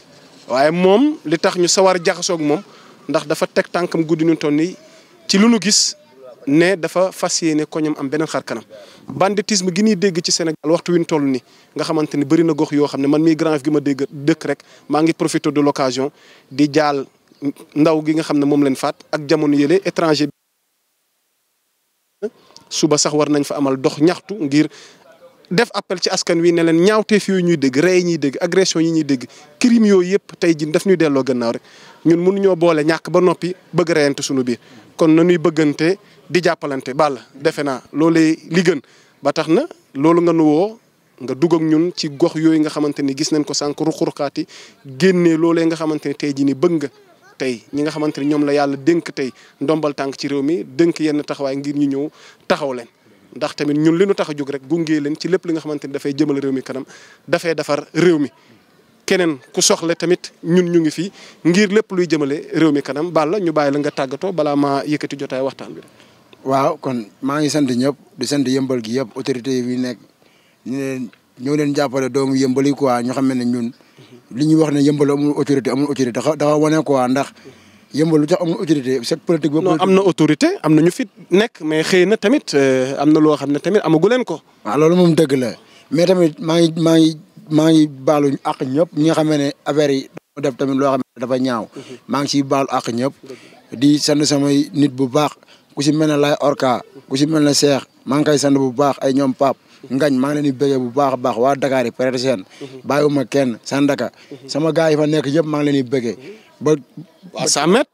waaye moom li tax ñu sawar jaxasoog moom ndax dafa teg tànkam guddi ñu toon nii ci lu nu gis ne dafa fas yéene ko ñoom am beneen xar kanam banditisme gi ñuy dégg ci Sénégal waxtu wi ñu toll nii nga xamante ni bëri na gox yoo xam ne man mii grand gi ma dégg dëkk rek maa ngi profité de l'occasion di jaal ndaw gi nga xam ne moom leen faat ak jamono yële étranger suba sax war nañ fa amal dox ñaxtu ngir def appel ci askan wi ne leen ñaawte yooyu ñuy dégg rey ñuy dégg agression yi ñuy dégg crime yooyu yëpp tey jiin daf ñuy delloo gannaaw rek ñun mënuñoo boole ñàkk ba noppi bëgg suñu biir kon na ñuy bëggante di jàppalante Balla defe naa loole li gën ba tax na loolu nga nu woo nga dugg ñun ci gox yooyu nga xamante ni gis nañ ko sànq ruqruqaati génnee loole nga xamante ni tey jii ni bëgg nga tey ñi nga xamante ni ñoom la yàlla dénk tey ndombal tànk ci réew mi dënk yenn taxawaay ngir ñu ñëw taxaw leen. ndax tamit ñun li nu tax a jóg rek gungee leen ci lépp li nga xamante ni dafay jëmal réew mi kanam dafay defar réew mi keneen ku soxle tamit ñun ñu ngi fi ngir lépp luy jëmale réew mi kanam Balla ñu bàyyi la nga tàggatoo balaa maa yëkkati jotaay waxtaan bi. waaw kon maa ngi sant ñëpp di sant yëmbal gi yëpp autorité yi nekk ñu ñoo leen jàppale doomu yëmbal yi quoi xam ne ñun li ñuy wax ne yëmbal amul autorité amul autorité dafa dafa wane quoi ndax. yëmbal lu tax amul autorité cette politique boobu. non am na autorité am na ñu fit nekk mais xëy na tamit euh, am na loo xam ne tamit amagu leen ko. waaw loolu moom dëgg la mais tamit maa maa ngi baalu àq ñëpp ñi nga xam ne affaire yi tamit loo xam dafa ñaaw mhm. maa ngi ciy baalu àq ñëpp di sant samay nit bu baax ku si mel ne lay orka ku si mel ne seex maa ngi koy sant bu baax ay ñoom pap mhm. ngañ maa ngi leen di bëggee bu baax a baax waa Dakar yi peut-être seen mhm. bàyyiwuma kenn Sandaka sama gars yi fa nekk yëpp maa ngi leen di bëggee ba Samet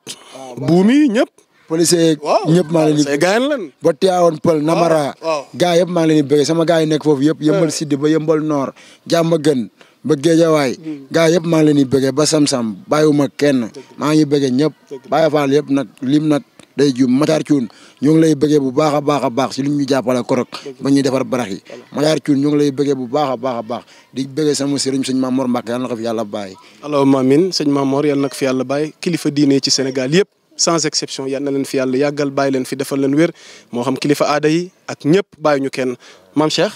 buumi ñëpp policier ñëpp maa ngi leen di ba Thiawane Pël Namara gars yëpp maa ngi leen di bëgg sama gars yi nekk foofu yëpp eh. yëmbal siddi ba yëmbal noor jàmm gën ba géejawaay hmm. gars yëpp maa ngi leen di bëgg ba sam-sam bàyyiwuma kenn maa ngi bëgg ñëpp bàyyi faal yëpp nag lim nag day jum Matar Cuun ñoo ngi lay bëggee bu baax a baax a baax si lim ñu jàppale korok ba ñuy defar barax yi Matar Cuun ñoo ngi lay bëggee bu baax a baax a baax di bëggee sama sëriñ sëñ Mamoor Mbàkke yàlla na ko fi yàlla bàyyi allahumma amin sëñ Mamoor yàlla na ko fi yàlla bàyyi kilifa diine ci Sénégal yëpp sans exception yal na leen fi yàlla yàggal bàyyi leen fi defal leen wér moo xam kilifa aada yi ak ñëpp bàyyi ñu kenn maam Cheikh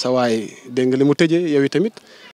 sawaay waay dégg nga li mu tëjee yow tamit